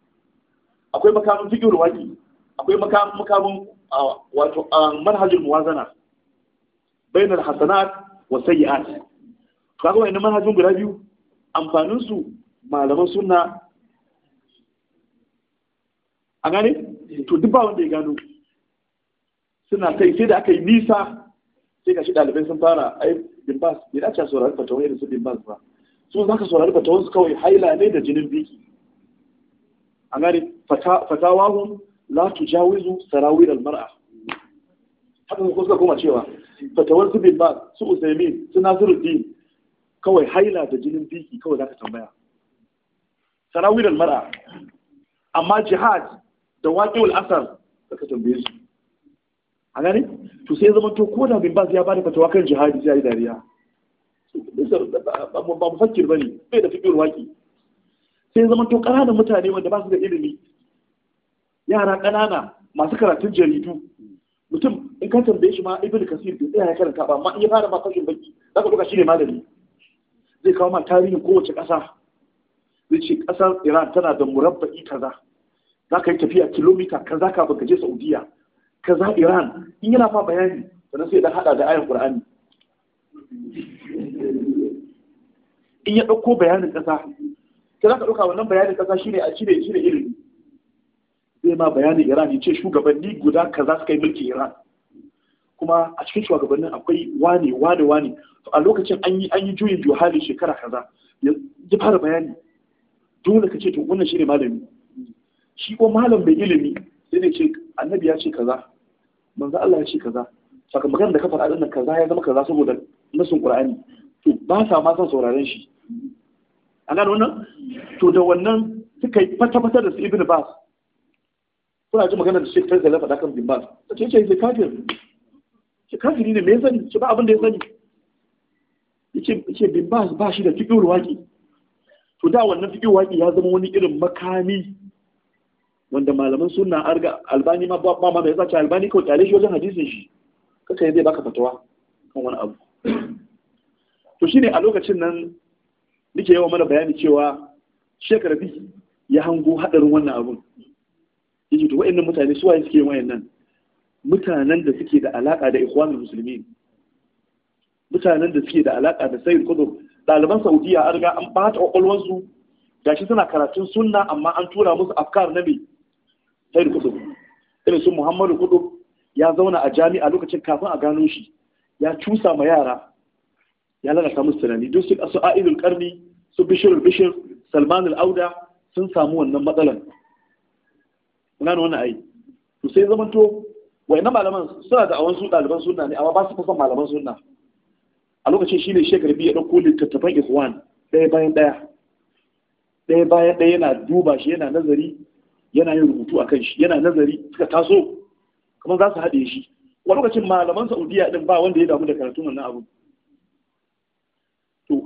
akwai makamin fiƙin waƙi akwai makamin makamin wato manhajul muwazana bainar hasanat wa sayyi'at kaga wannan manhajin guda biyu amfanin su malaman sunna a gane to duk ba wanda ya gano suna kai sai da aka yi nisa sai ka shi ɗalibai sun fara ai bimbas bai dace a saurari wani irin su bimbas ba su za ka saurari wasu kawai haila ne da jinin biki a gane fatawahun la tujawizu sarawir almar'a haka ko suka koma cewa fatawar su bin ba su usaimin su nasiruddin kawai haila da jinin biki kawai za ka tambaya sarawir almar'a amma jihad da waqi'ul asar ka tambaye su a gani to sai zama to ko da bin ba ya bada fatawa kan jihadi sai yi dariya ba mu ba ne bai da fikin sai zama to ƙananan mutane wanda ba su da ilimi yara ƙanana masu karatun jaridu mutum in ka tambaye shi ma ibn kasir bai tsaya ya karanta ba amma in ya fara ba fashin baki za ka ɗauka shi ne malami zai kawo ma tarihin kowace ƙasa zai ce ƙasar iran tana da murabba'i kaza za ka yi tafiya kilomita kaza kafin baka je saudiya kaza iran in yana ma bayani sannan sai ya haɗa da ayan qur'ani in ya ɗauko bayanin ƙasa ta za ka ɗauka wannan bayanin ƙasa ne a shi ne ilimi zai ma bayanin iran ya ce shugabanni guda kaza su kai mulkin iran kuma a cikin shugabannin akwai wane wane wane to a lokacin an yi an yi juyin juhali shekara kaza ya fara bayani dole ka ce to wannan shi ne malami shi ko malam bai ilimi sai ne ce annabi ya ce kaza manzo Allah ya ce kaza sakamakon da ka faɗa dinnan kaza ya zama kaza saboda nasin Qur'ani to ba sa ma son sauraron shi an gano wannan to da wannan suka yi fata-fata da su ibn bas kuna ji magana da shi ta zalafa da kan bimbas ta ce shi kafir shi kafir ne me sani shi ba abin da ya sani yace yace bimbas ba shi da fiqhul waƙi. to da wannan fiqhul waƙi ya zama wani irin makami wanda malaman sunna arga albani ma ba ma mai zace albani ko tare shi wajen hadisin shi kaka zai baka fatawa kan wani abu to ne a lokacin nan nake yawa mana bayani cewa shekara bi ya hango hadarin wannan abun yake to wa'annan mutane su waye suke yin nan mutanen da suke da alaka da ikhwanul muslimin mutanen da suke da alaka da sayyid kudur ɗaliban saudiya an riga an bata su gashi suna karatun sunna amma an tura musu afkar na me sayyid kudur irin su muhammadu kudur ya zauna a jami'a lokacin kafin a gano shi ya cusa ma yara ya lalata musu tunani duk su asu aidul karni su bishir bishir salman al-auda sun samu wannan matsalan kuna wannan ai to sai zamanto wayannan malaman suna da awan su ɗaliban sunna ne amma ba su fasan malaman sunna a lokacin shi ne shekar biyu ya ɗauko littattafan ikhwan ɗaya bayan ɗaya ɗaya bayan ɗaya yana duba shi yana nazari yana yin rubutu a kan shi yana nazari suka taso kamar za su haɗe shi wani lokacin malaman saudiya ɗin ba wanda ya damu da karatun wannan abu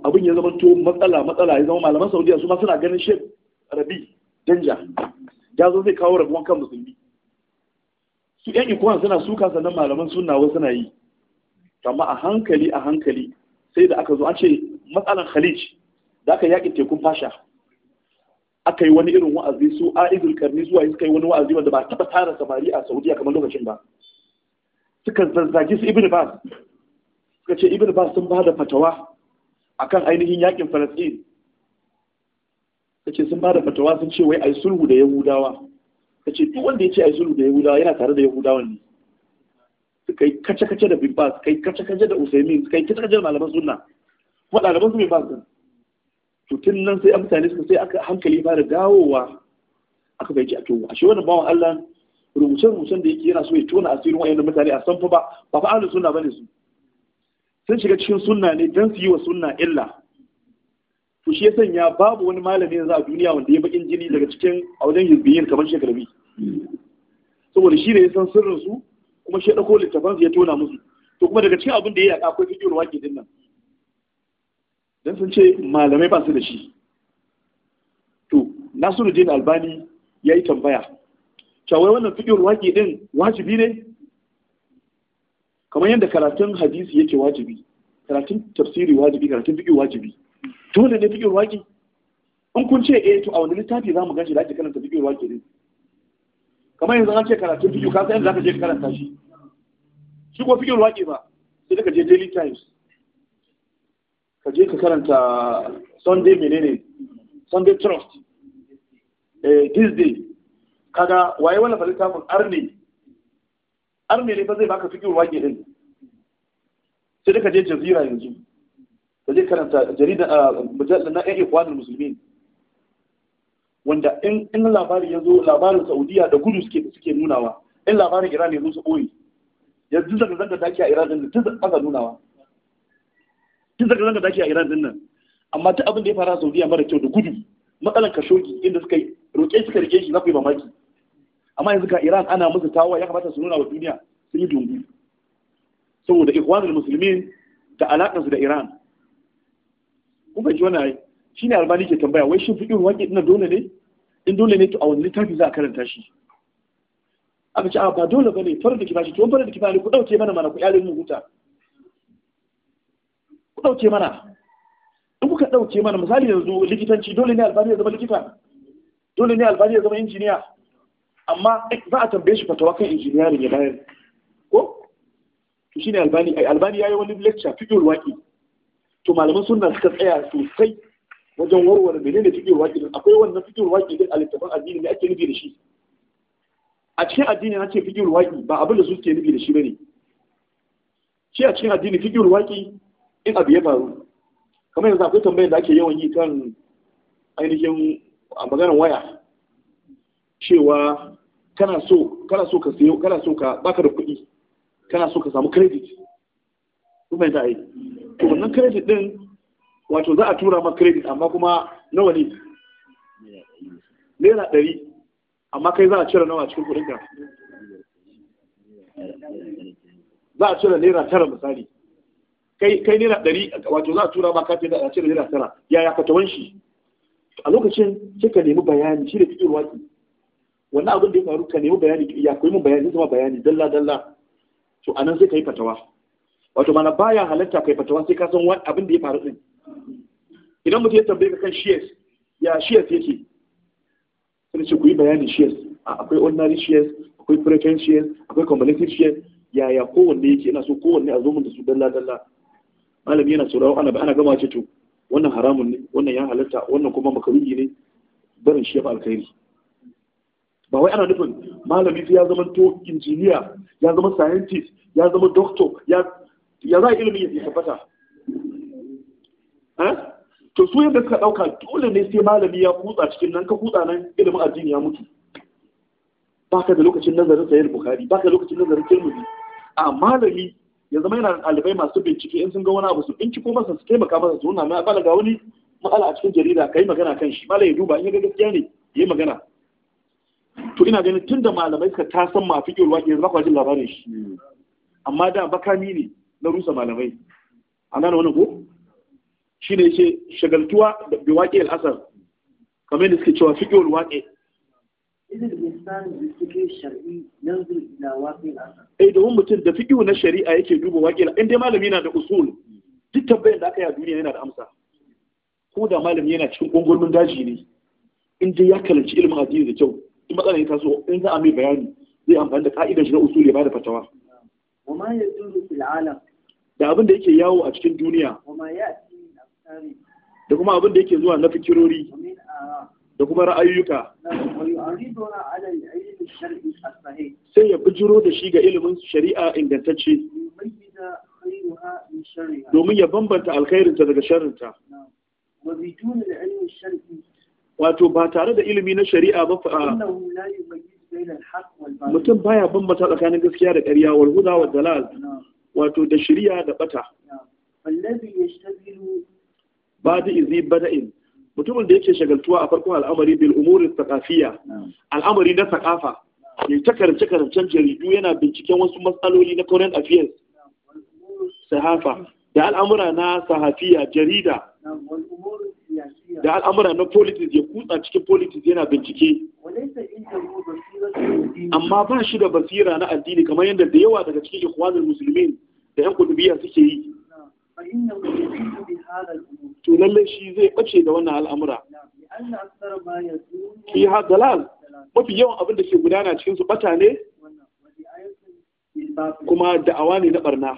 abin ya zama to matsala matsala ya zama malaman saudiya su ma suna ganin shek rabi danja ya zo zai kawo rabuwan kan musulmi su yan ikuwan suna suka sannan malaman sunna wasu suna yi amma a hankali a hankali sai da aka zo an ce matsalan khalij da aka yaƙi tekun fasha aka yi wani irin wa'azi su a'izul karni zuwa suka yi wani wa'azi wanda ba taɓa tara samari a saudiya kamar lokacin ba suka zazzagi su ibn bas suka ce ibn bas sun ba da fatawa akan ainihin yakin falasɗin kace sun bada fatawa sun ce wai yi sulhu da yahudawa kace duk wanda ya ce yi sulhu da yahudawa yana tare da Yahudawan ne suka yi kace-kace da bimbas kai kace-kace da usaimin suka yi kace-kace da malaman sunna kuma ɗaliban su bimbas din to tun nan sai mutane suka sai aka hankali fara dawowa aka bai ji a a shi wannan bawan Allah rubuce-rubucen da yake yana so ya tona asirin wayannan mutane a san fa ba ba fa ahlus sunna bane su sun shiga cikin sunna ne don su yi wa sunna illa to shi ya sanya babu wani malami yanzu a duniya wanda ya bakin jini daga cikin a wajen yubiyin kamar bi saboda shi ne ya san sirrin su kuma shi ya ɗauko su ya tona musu to kuma daga cikin abin da ya yi akwai fiƙin ruwa ke dinnan dan sun ce malamai ba su da shi to nasiruddin albani ya yi tambaya cewa wannan fiƙin ruwa ke din wajibi ne kamar yadda karatun hadisi yake wajibi karatun tafsiri wajibi karatun fiƙi wajibi dole ne fiƙi waƙi in kun ce eh to a wani littafi za mu ganshi da ake karanta fiƙi waƙi ne kamar yanzu an ce karatun fiƙi ka san yadda zaka je ka karanta shi shi ko fiƙi waƙi ba sai ka je daily times ka je ka karanta sunday menene sunday trust eh tuesday kaga waye wala littafin arne arne ne ba zai baka fiƙi waƙi din sai duka je jazira yanzu da je karanta jaridar ah, mujallar na yan ikwanin musulmi wanda in labarin ya zo labarin saudiya da gudu suke suke nunawa in labarin iran ya su ɓoye yanzu zanga zanga daki a iran din tun aka nunawa tun zanga zanga daki a iran din nan amma duk abin da ya fara a saudiya mara kyau da gudu matsalan kashogi inda suka yi roƙe suka rike shi za ku yi mamaki amma yanzu ka iran ana musu tawa ya kamata su nuna wa duniya sun yi dungu saboda ikhwanul musulmin da alaƙar su da Iran kun fahimci wannan ai ne albani ke tambaya wai shin fiqhul waqi din dole ne in dole ne to a wani littafi za a karanta shi aka ce a ba dole ba ne farin da kifashi to farin da kifashi ku ɗauke mana mana ku yare mu huta ku ɗauke mana in kuka ɗauke mana misali yanzu likitanci dole ne albani ya zama likita dole ne albani ya zama injiniya amma eh, za a tambaye shi fatawa kan injiniyarin ya bayar ko shine albani ai albani yayi wani lecture fiqhul waqi to malaman sunna suka tsaya sosai wajen warware menene fiqhul waqi din akwai wannan fiqhul waqi din a littafin addini ne ake nufi da shi a cikin addini an ce fiqhul waqi ba abin da su ke nufi da shi bane shi a cikin addini fiqhul waqi in abu ya faru kamar yanzu akwai tambayar da ake yawan yi kan ainihin a maganar waya cewa kana so kana so ka sayo kana so ka baka da kuɗi kana so ka samu credit ku fahimta ai to wannan credit din wato za a tura ma credit amma kuma nawa ne naira ɗari amma kai za a cire nawa cikin kuɗin ka za a cire naira tara misali kai kai naira ɗari wato za a tura ma kafin da a cire naira tara yaya ka tawan shi a lokacin sai ka nemi bayani shi da fiƙin waki wannan abin da ya faru ka nemi bayani ya koyi min bayani zama bayani dalla dalla to anan sai ka yi fatawa wato mana baya halatta kai fatawa sai ka san wani abin da ya faru din idan mutum ya tambaye ka kan shears ya shears yake sai ce ku yi bayanin shears akwai ordinary shears akwai preference shears akwai combinative shears yaya kowanne yake ina so kowanne a zo mun da su dalla dalla malami yana sauraro ana ana gama ce to wannan haramun ne wannan ya halatta wannan kuma makaruhi ne barin shi ya ba alkhairi ba wai ana nufin malami ya zama to injiniya ya zama scientist ya zama doctor ya ya za ilimin ya tabbata eh? to su yadda suka dauka dole ne sai malami ya kutsa cikin nan ka kutsa nan ilimin addini ya mutu Ba ka da lokacin nazarin sayar bukari ka da lokacin nazarin kirmidi a malami ya zama yana ɗalibai masu bincike in sun ga wani abu su ko masa su taimaka masa su nuna mai bala ga wani ma'ala a cikin jarida ka yi magana kan shi malai ya duba in ya ga gaskiya ne ya yi magana to ina ganin tun da malamai suka ta san mafi fiƙe ke yanzu ba jin labarin shi amma da bakami ne na rusa malamai an gane wani ko shi ne ce shagaltuwa da biwaƙe al'asar kamar da suke cewa fiƙe ruwa ne eh domin mutum da fiƙe na shari'a yake duba waƙe in dai malami na da usul duk tabbayin da aka yi a duniya yana da amsa ko da malami yana cikin ƙungurmin daji ne in dai ya kalanci ilimin addini da kyau in matsala ya taso in za a mai bayani zai amfani da ka'idar shi na usuli ba da fatawa wama ya zuru fil alam da abin da yake yawo a cikin duniya wama ya da kuma abin da yake zuwa na fikirori da kuma ra'ayoyuka sai ya bijiro da shi ga ilimin shari'a ingantacce domin ya bambanta alkhairinta daga sharrinta wato ba tare da ilimi na shari'a ba fa mutum baya bambata tsakanin gaskiya da ƙarya wal huda wa dalal wato da shari'a da bata ba da izi bada'in mutumin da yake shagaltuwa a farkon al'amari bil umurin thaqafiyya al'amari na thaqafa ya ta karance karancen jaridu yana binciken wasu matsaloli na current affairs sahafa da al'amura na sahafiya jarida da al'amura na politics ya kutsa cikin politics yana bincike amma ba shi da basira na addini kamar yadda da yawa daga cikin ikhwanul musulmin da yan kudubiya suke yi to lallai shi zai bace da wannan al'amura fi dalal mafi yawan abin da ke gudana cikin su bata ne kuma da'awa ne na barna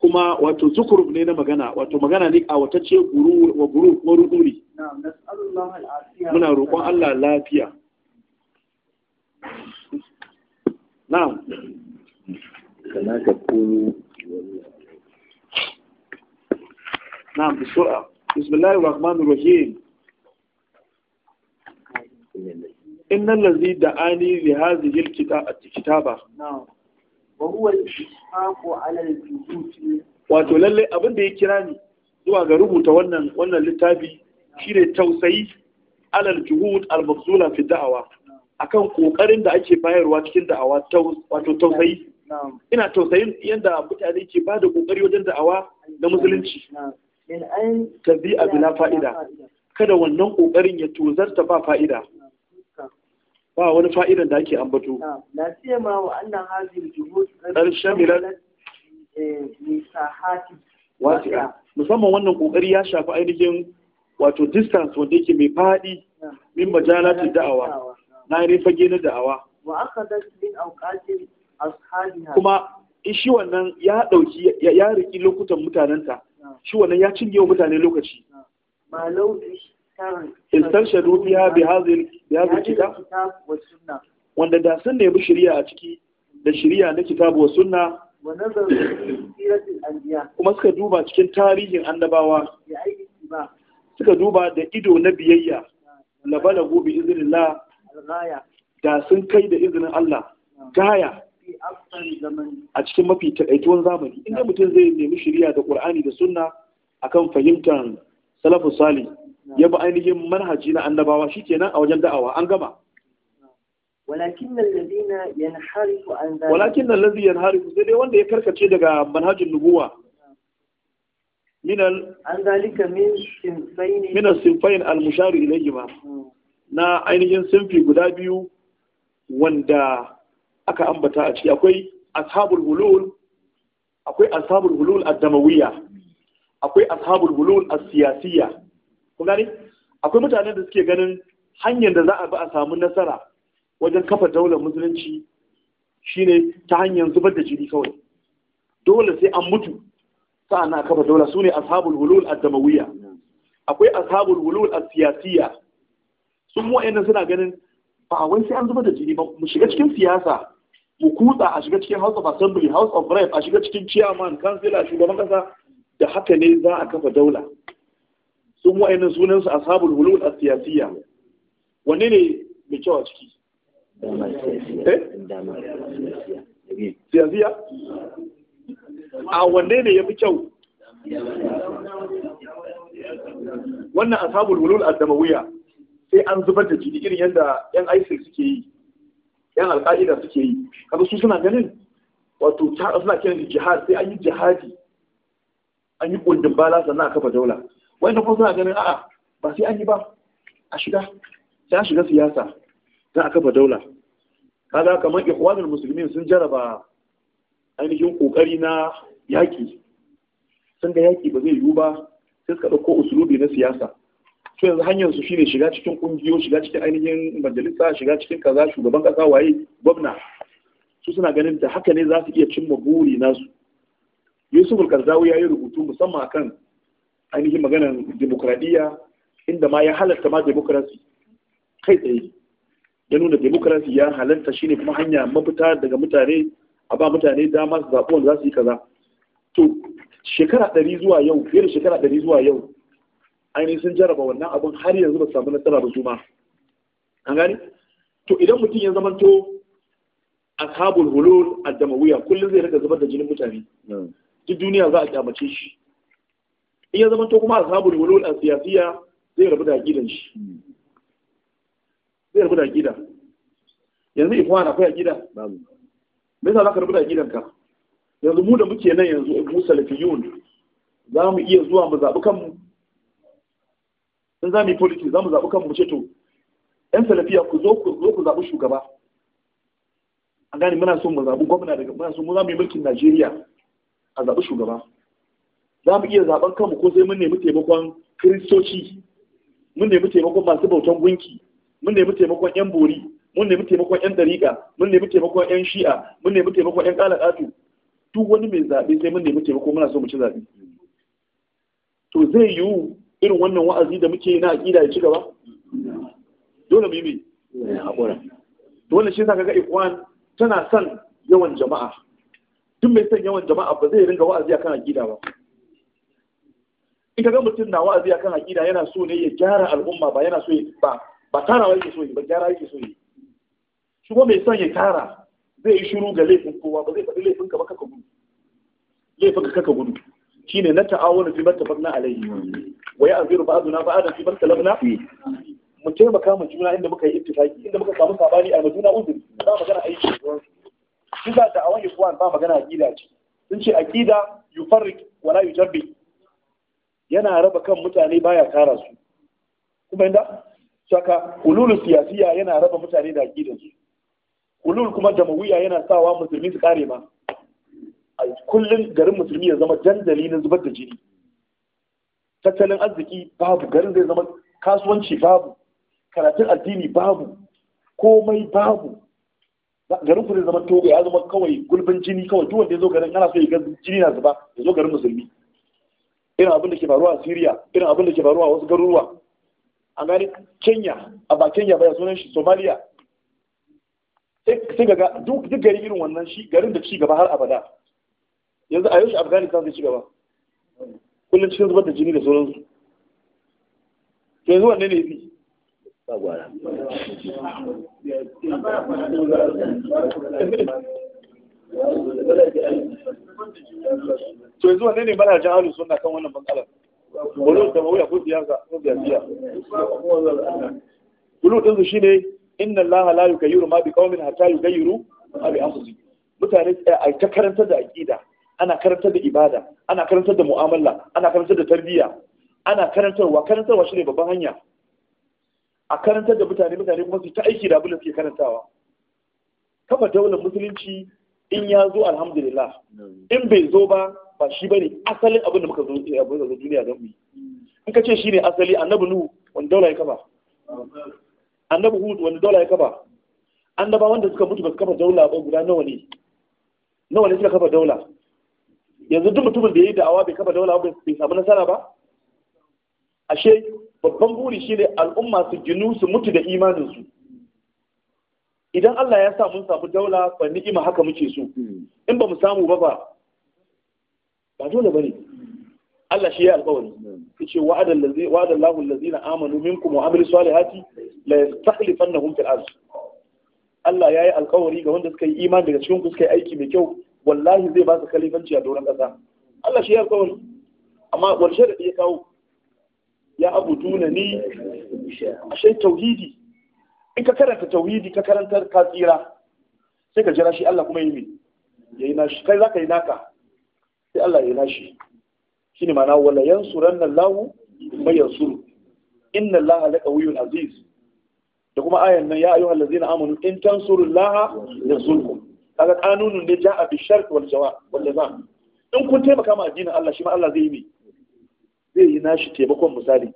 kuma wato zukuruf ne na magana wato magana ne a watacce wa guru kuma ruduri muna roƙon Allah lafiya na'am kana ka kunu na'am bisura bismillahir rahmanir rahim innal ladhi da'ani li hadhihi al-kitaba wato lalle abin da ya kira ni zuwa ga rubuta wannan wannan littafi shine tausayi alal juhud al mabzula fi da'awa akan kokarin da ake bayarwa cikin da'awa wato tausayi ina tausayin yanda mutane ke bada da kokari wajen da'awa na musulunci min an tabi'a bila fa'ida kada wannan kokarin ya tozarta ba fa'ida ba wani fa'idan da ake ambato Na la siyama wa anna hadhihi al-juhud milan shamilat eh, misahati wasi'a musamman wannan kokari ya shafi ainihin wato distance wanda yake mai faɗi min majalati da'awa na ainihin fage na da'awa wa aka akhadat min awqatin ashabiha kuma shi wannan ya ɗauki ya riƙi lokutan mutanenta shi wannan ya cinye wa mutane lokaci malau istashadu fiha bi hadhihi bi hadhihi kitab wa sunna wanda da sun nemi shari'a a ciki da shari'a na kitabu wa sunna kuma suka duba cikin tarihin annabawa suka duba da ido na biyayya la gobe, bi iznillah da sun kai da izinin Allah gaya a cikin mafi takaituwan zamani inda mutum zai nemi shari'a da Qur'ani da sunna akan fahimtar salafus salih ya bi ainihin manhaji na annabawa shi shikenan a wajen da'awa an gama walakin nan yanharifu an zalika walakin sai dai wanda ya karkace daga manhajin nubuwa min al an zalika min sinfayn min al na ainihin sinfi guda biyu wanda aka ambata a ci. akwai ashabul hulul akwai ashabul hulul ad-damawiyya akwai ashabul hulul as-siyasiyya kun gane akwai mutanen da suke ganin hanyar da za a bi a samu nasara wajen kafa daular musulunci shine ta hanyar zubar da jini kawai dole sai an mutu sa'an a kafa daular. su ne ashabul hulul ad-damawiyya akwai ashabul hulul as-siyasiyya sun wa'annan suna ganin ba wai sai an zubar da jini ba mu shiga cikin siyasa mu kutsa a shiga cikin house of assembly house of rep a shiga cikin chairman Councilor, shugaban kasa da haka ne za a kafa daula sun wa'annan sunansu ashabul hulul asiyasiya wanne ne mai kyau a ciki eh? siyasiya a wanne ne ya fi kyau wannan ashabul hulul addamawiya sai an zubar da jini irin yadda yan isil suke yi yan alka'ida suke yi kaga su suna ganin wato suna kiran jihad sai an yi jihadi an yi kundin bala sannan a kafa daula Wani da kuma suna ganin a'a ba sai an yi ba a shiga sai shiga siyasa za a kafa daula kaga kamar ikhwanul Musulmi sun jaraba ainihin kokari na yaki sun ga yaki ba zai yiwu ba sai suka dauko usulubi na siyasa to yanzu hanyar su shine shiga cikin kungiyo shiga cikin ainihin majalisa shiga cikin kaza shugaban kasa waye gwamna su suna ganin da haka ne za su iya cimma buri nasu yusuf al ya yi rubutu musamman akan ainihin maganar demokradiyya inda ma ya halarta ma demokrasi kai tsaye ya nuna demokrasi ya halatta shine kuma hanya mafita daga mutane a ba mutane dama su zaɓi wanda za su yi kaza to shekara ɗari zuwa yau fiye da shekara ɗari zuwa yau ainihin sun jaraba wannan abun har yanzu ba su samu nasara ba su ma an gani to idan mutum ya zamanto kabul hulul ad damawiya kullum zai rika zubar da jinin mutane hmm. duk duniya za a kyamace shi in ya zama to kuma ashabul wani a siyasiya zai rabu da gidan shi zai rabu da gida yanzu na akwai a babu me yasa zaka rabu da gidan ka yanzu mu da muke nan yanzu mu salafiyun za mu iya zuwa mu zaɓi kanmu in za mu yi politics za mu zaɓi kanmu mu ce to yan salafiya ku zo ku zaɓi shugaba an gane muna so mu zaɓi gwamna daga muna so mu za mu yi mulkin najeriya a zaɓi shugaba za mu iya zaben kanmu ko sai mun nemi taimakon kiristoci mun nemi taimakon masu bautan gunki mun nemi taimakon yan bori mun nemi taimakon yan dariƙa mun nemi taimakon yan shi'a mun nemi taimakon yan ƙatu. duk wani mai zaɓe sai mun nemi taimako muna so mu ci zaɓe to zai yiwu irin wannan wa'azi da muke na aƙida ya ci gaba dole mu yi mai haƙura wannan shi saka ga ikwan tana son yawan jama'a Tun mai son yawan jama'a ba zai ringa wa'azi akan aƙida ba in ka ga mutum na wa'azi a kan aqida yana so ne ya gyara al'umma ba yana so ba ba tarawa yake so ba gyara yake so yi shi kuma mai son ya tara zai yi shiru ga laifin kowa ba zai faɗi laifin ka ba kaka gudu laifin ka kaka gudu Shi ne na ta'awun fi na alayhi wa ya'ziru ba adam fi na mu taimaka mu juna inda muka yi ittifaki inda muka samu sabani a juna uzuri ba magana aiki shi za da awan ikwan ba magana aqida ce sun ce aqida yufarrik wala yujabbi yana raba kan mutane baya kara su kuma inda saka ulul siyasiya yana raba mutane da aqidar su ulul kuma jamhuriya yana sawa musulmi su kare ma kullun garin musulmi ya zama dandali na zubar da jini tattalin arziki babu garin zai zama kasuwanci babu karatun addini babu komai babu garin ku zai zama togo ya zama kawai gulbin jini kawai duk wanda ya zo garin ana so ya ga jini na zuba ya zo garin musulmi irin abin da ke faruwa a Syria irin abin da ke faruwa a wasu garuruwa an gani Kenya a ba Kenya ba ya sunan shi Somalia sai ga duk gari irin wannan shi garin da ci gaba har abada yanzu a yau Afghanistan zai ci gaba kullum cikin zubar da jini da sauransu yanzu wanne ne yafi? ba to yanzu wanne ne jan ahlus sunna kan wannan matsalar bulu da mawuya ko siyasa ko biyasiya bulu din su shine inna allaha la yughayyiru ma bi qaumin hatta yughayyiru ma bi anfusihim mutane eh, a ta karantar da aqida ana karantar da ibada ana karantar da mu'amala ana karantar da tarbiyya ana karantarwa karantarwa shine babban hanya a karantar da mutane mutane kuma su ta aiki da abin da suke karantawa kafa daular musulunci in ya zo alhamdulillah in bai zo ba ba shi bane asalin abin da muka zo eh, a da zo duniya don mu in ka ce shi ne asali annabi nu wani daula ya kafa annabi hud wani daula ya kafa annaba wanda suka mutu ba su kafa daula ba guda nawa ne nawa ne suka kafa daula yanzu duk mutumin da ya yi da'awa bai kafa daula ba bai samu nasara ba ashe babban buri shine al'umma su ginu su mutu da imaninsu idan Allah ya sa mun samu daula fa ni'ima haka muke so in ba mu samu ba ba ba dole bane Allah shi ya alƙawari yace wa'ada allazi wa'ada Allahu allazina amanu minkum wa amilu salihati la yastakhlifannahum fil ardh Allah ya yi alƙawari ga wanda suka yi imani daga cikin ku suka yi aiki mai kyau wallahi zai ba su kalifanci a doron ƙasa Allah shi ya alƙawari amma wani sharadi ya kawo ya abuduna ni ashe tauhidi in ka karanta tauhidi ka karanta ka tsira sai ka jira shi Allah kuma yi me yayi nashi kai zaka yi naka sai Allah yayi nashi shine ma'ana wala yansuranna Allahu may yansuru inna Allaha laqawiyyun aziz da kuma ayan nan ya ayyuhal ladzina amanu in tansurullaha yansurkum kaga kanunun ne ja'a bi shart wal jawab wal jazam in kun taimaka ma addinin Allah shi ma Allah zai yi me zai yi nashi taimakon misali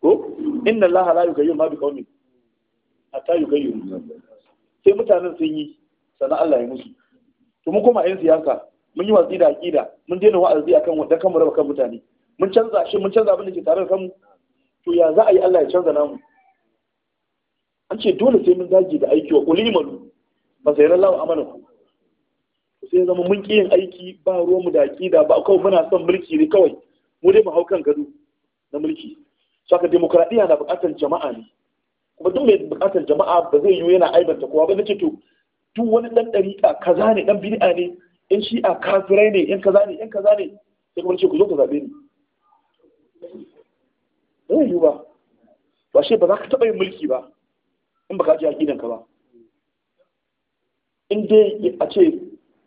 ko inna Allaha la yughayyiru ma bi qaumin hatta yugayyiru sai mutanen sun yi sannan Allah ya musu to mun koma yan siyasa mun yi watsi da aqida mun daina wa'azi akan wanda kan mu raba kan mutane mun canza shi mun canza abin da ke tare da kanmu to ya za a yi Allah ya canza namu an ce dole sai mun dage da aiki wa kulimalu ba sai ran lawa amana ku sai zama mun ki yin aiki ba ruwan mu da aqida ba kawai muna son mulki ne kawai mu dai mu hau kan gado na mulki saka demokradiya na bukatar jama'a ne kuma duk mai bukatar jama'a ba zai yiwu yana aibanta kowa ba ce to duk wani dan ɗariƙa kaza ne dan bid'a ne in shi'a kafirai ne in kaza ne in kaza ne sai kuma ce ku zo ku zabe ni ba zai yiwu ba ba shi ba za ka taɓa yin mulki ba in ba ka ji aƙidan ka ba in dai a ce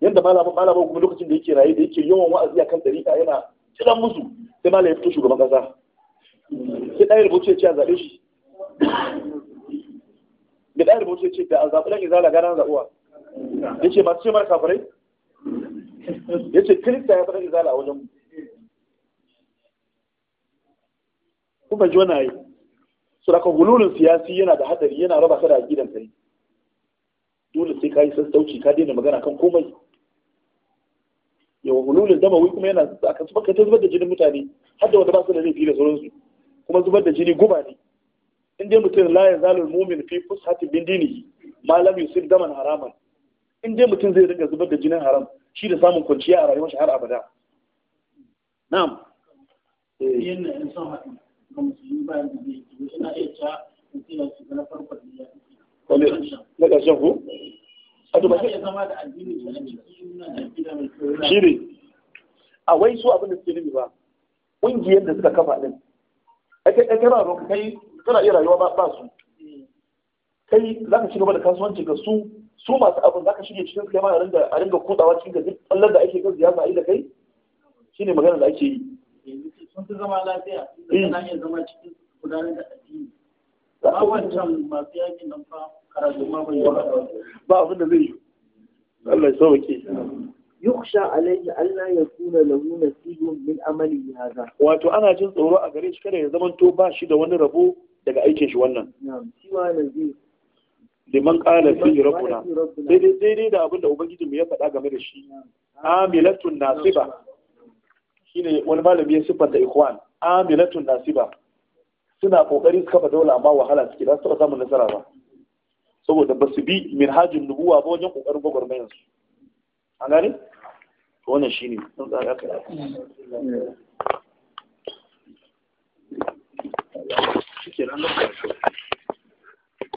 yadda malamin malamin kuma lokacin da yake raye da yake yawan wa'azi a kan ɗariƙa yana kiran musu sai malamin ya fito shugaban kasa. sai ɗaya rubuce ce a zaɓe shi da ɗaya rubuce ya ce da a zaɓi ɗan izala gara zaɓuwa ya ce masu ce mara kafirai ya ce kirista ya faɗa izala a wajen mu kuma ji wani ayi su da kan siyasi yana da hadari yana raba ka da gidan kai dole sai ka yi sassauci ka daina magana kan komai yawa hulunin damawi kuma yana a kan zubar da jinin mutane har da wanda ba su da laifi da sauransu kuma zubar da jini guba ne in dai mutum la ya zalul mumin fi fushati bin dini ma lam yusib daman haraman in dai mutum zai riga zubar da jinin haram shi da samun kwanciya a rayuwar shi har abada na'am na ƙarshen ku? Eh. shi ne a wai su abin da suke nufi ba ƙungiyar da suka kafa ɗin ake ba kai kana iya rayuwa ba su kai za ka ci gaba da kasuwanci ga su su masu abin za ka shige cikin kai ma a ringa kudawa cikin ga duk tsallar da ake kan siyasa a da kai shine magana da ake yi sun fi zama lafiya na eh. iya zama cikin gudanar da addini ba wancan masu yakin nan fa karatu ma bai yi ba abin da zai yi Allah ya sauke يخشى عليه alla يكون له نصيب min عمل هذا wato ana jin tsoro a garin shi kada ya zama ba shi da wani rabo daga aikin shi wannan na'am liman qala fi rabbuna daidai daidai da abin da ubangiji mu ya faɗa game da shi amilatun nasiba shine wani malami ya siffanta ikhwan amilatun nasiba suna kokari kafa daula wahala suke za su taɓa samun nasara ba saboda ba su bi hajin nubuwa ba wajen kokarin gwagwarmayar an gane to wannan shine sun tsara ka shikenan nan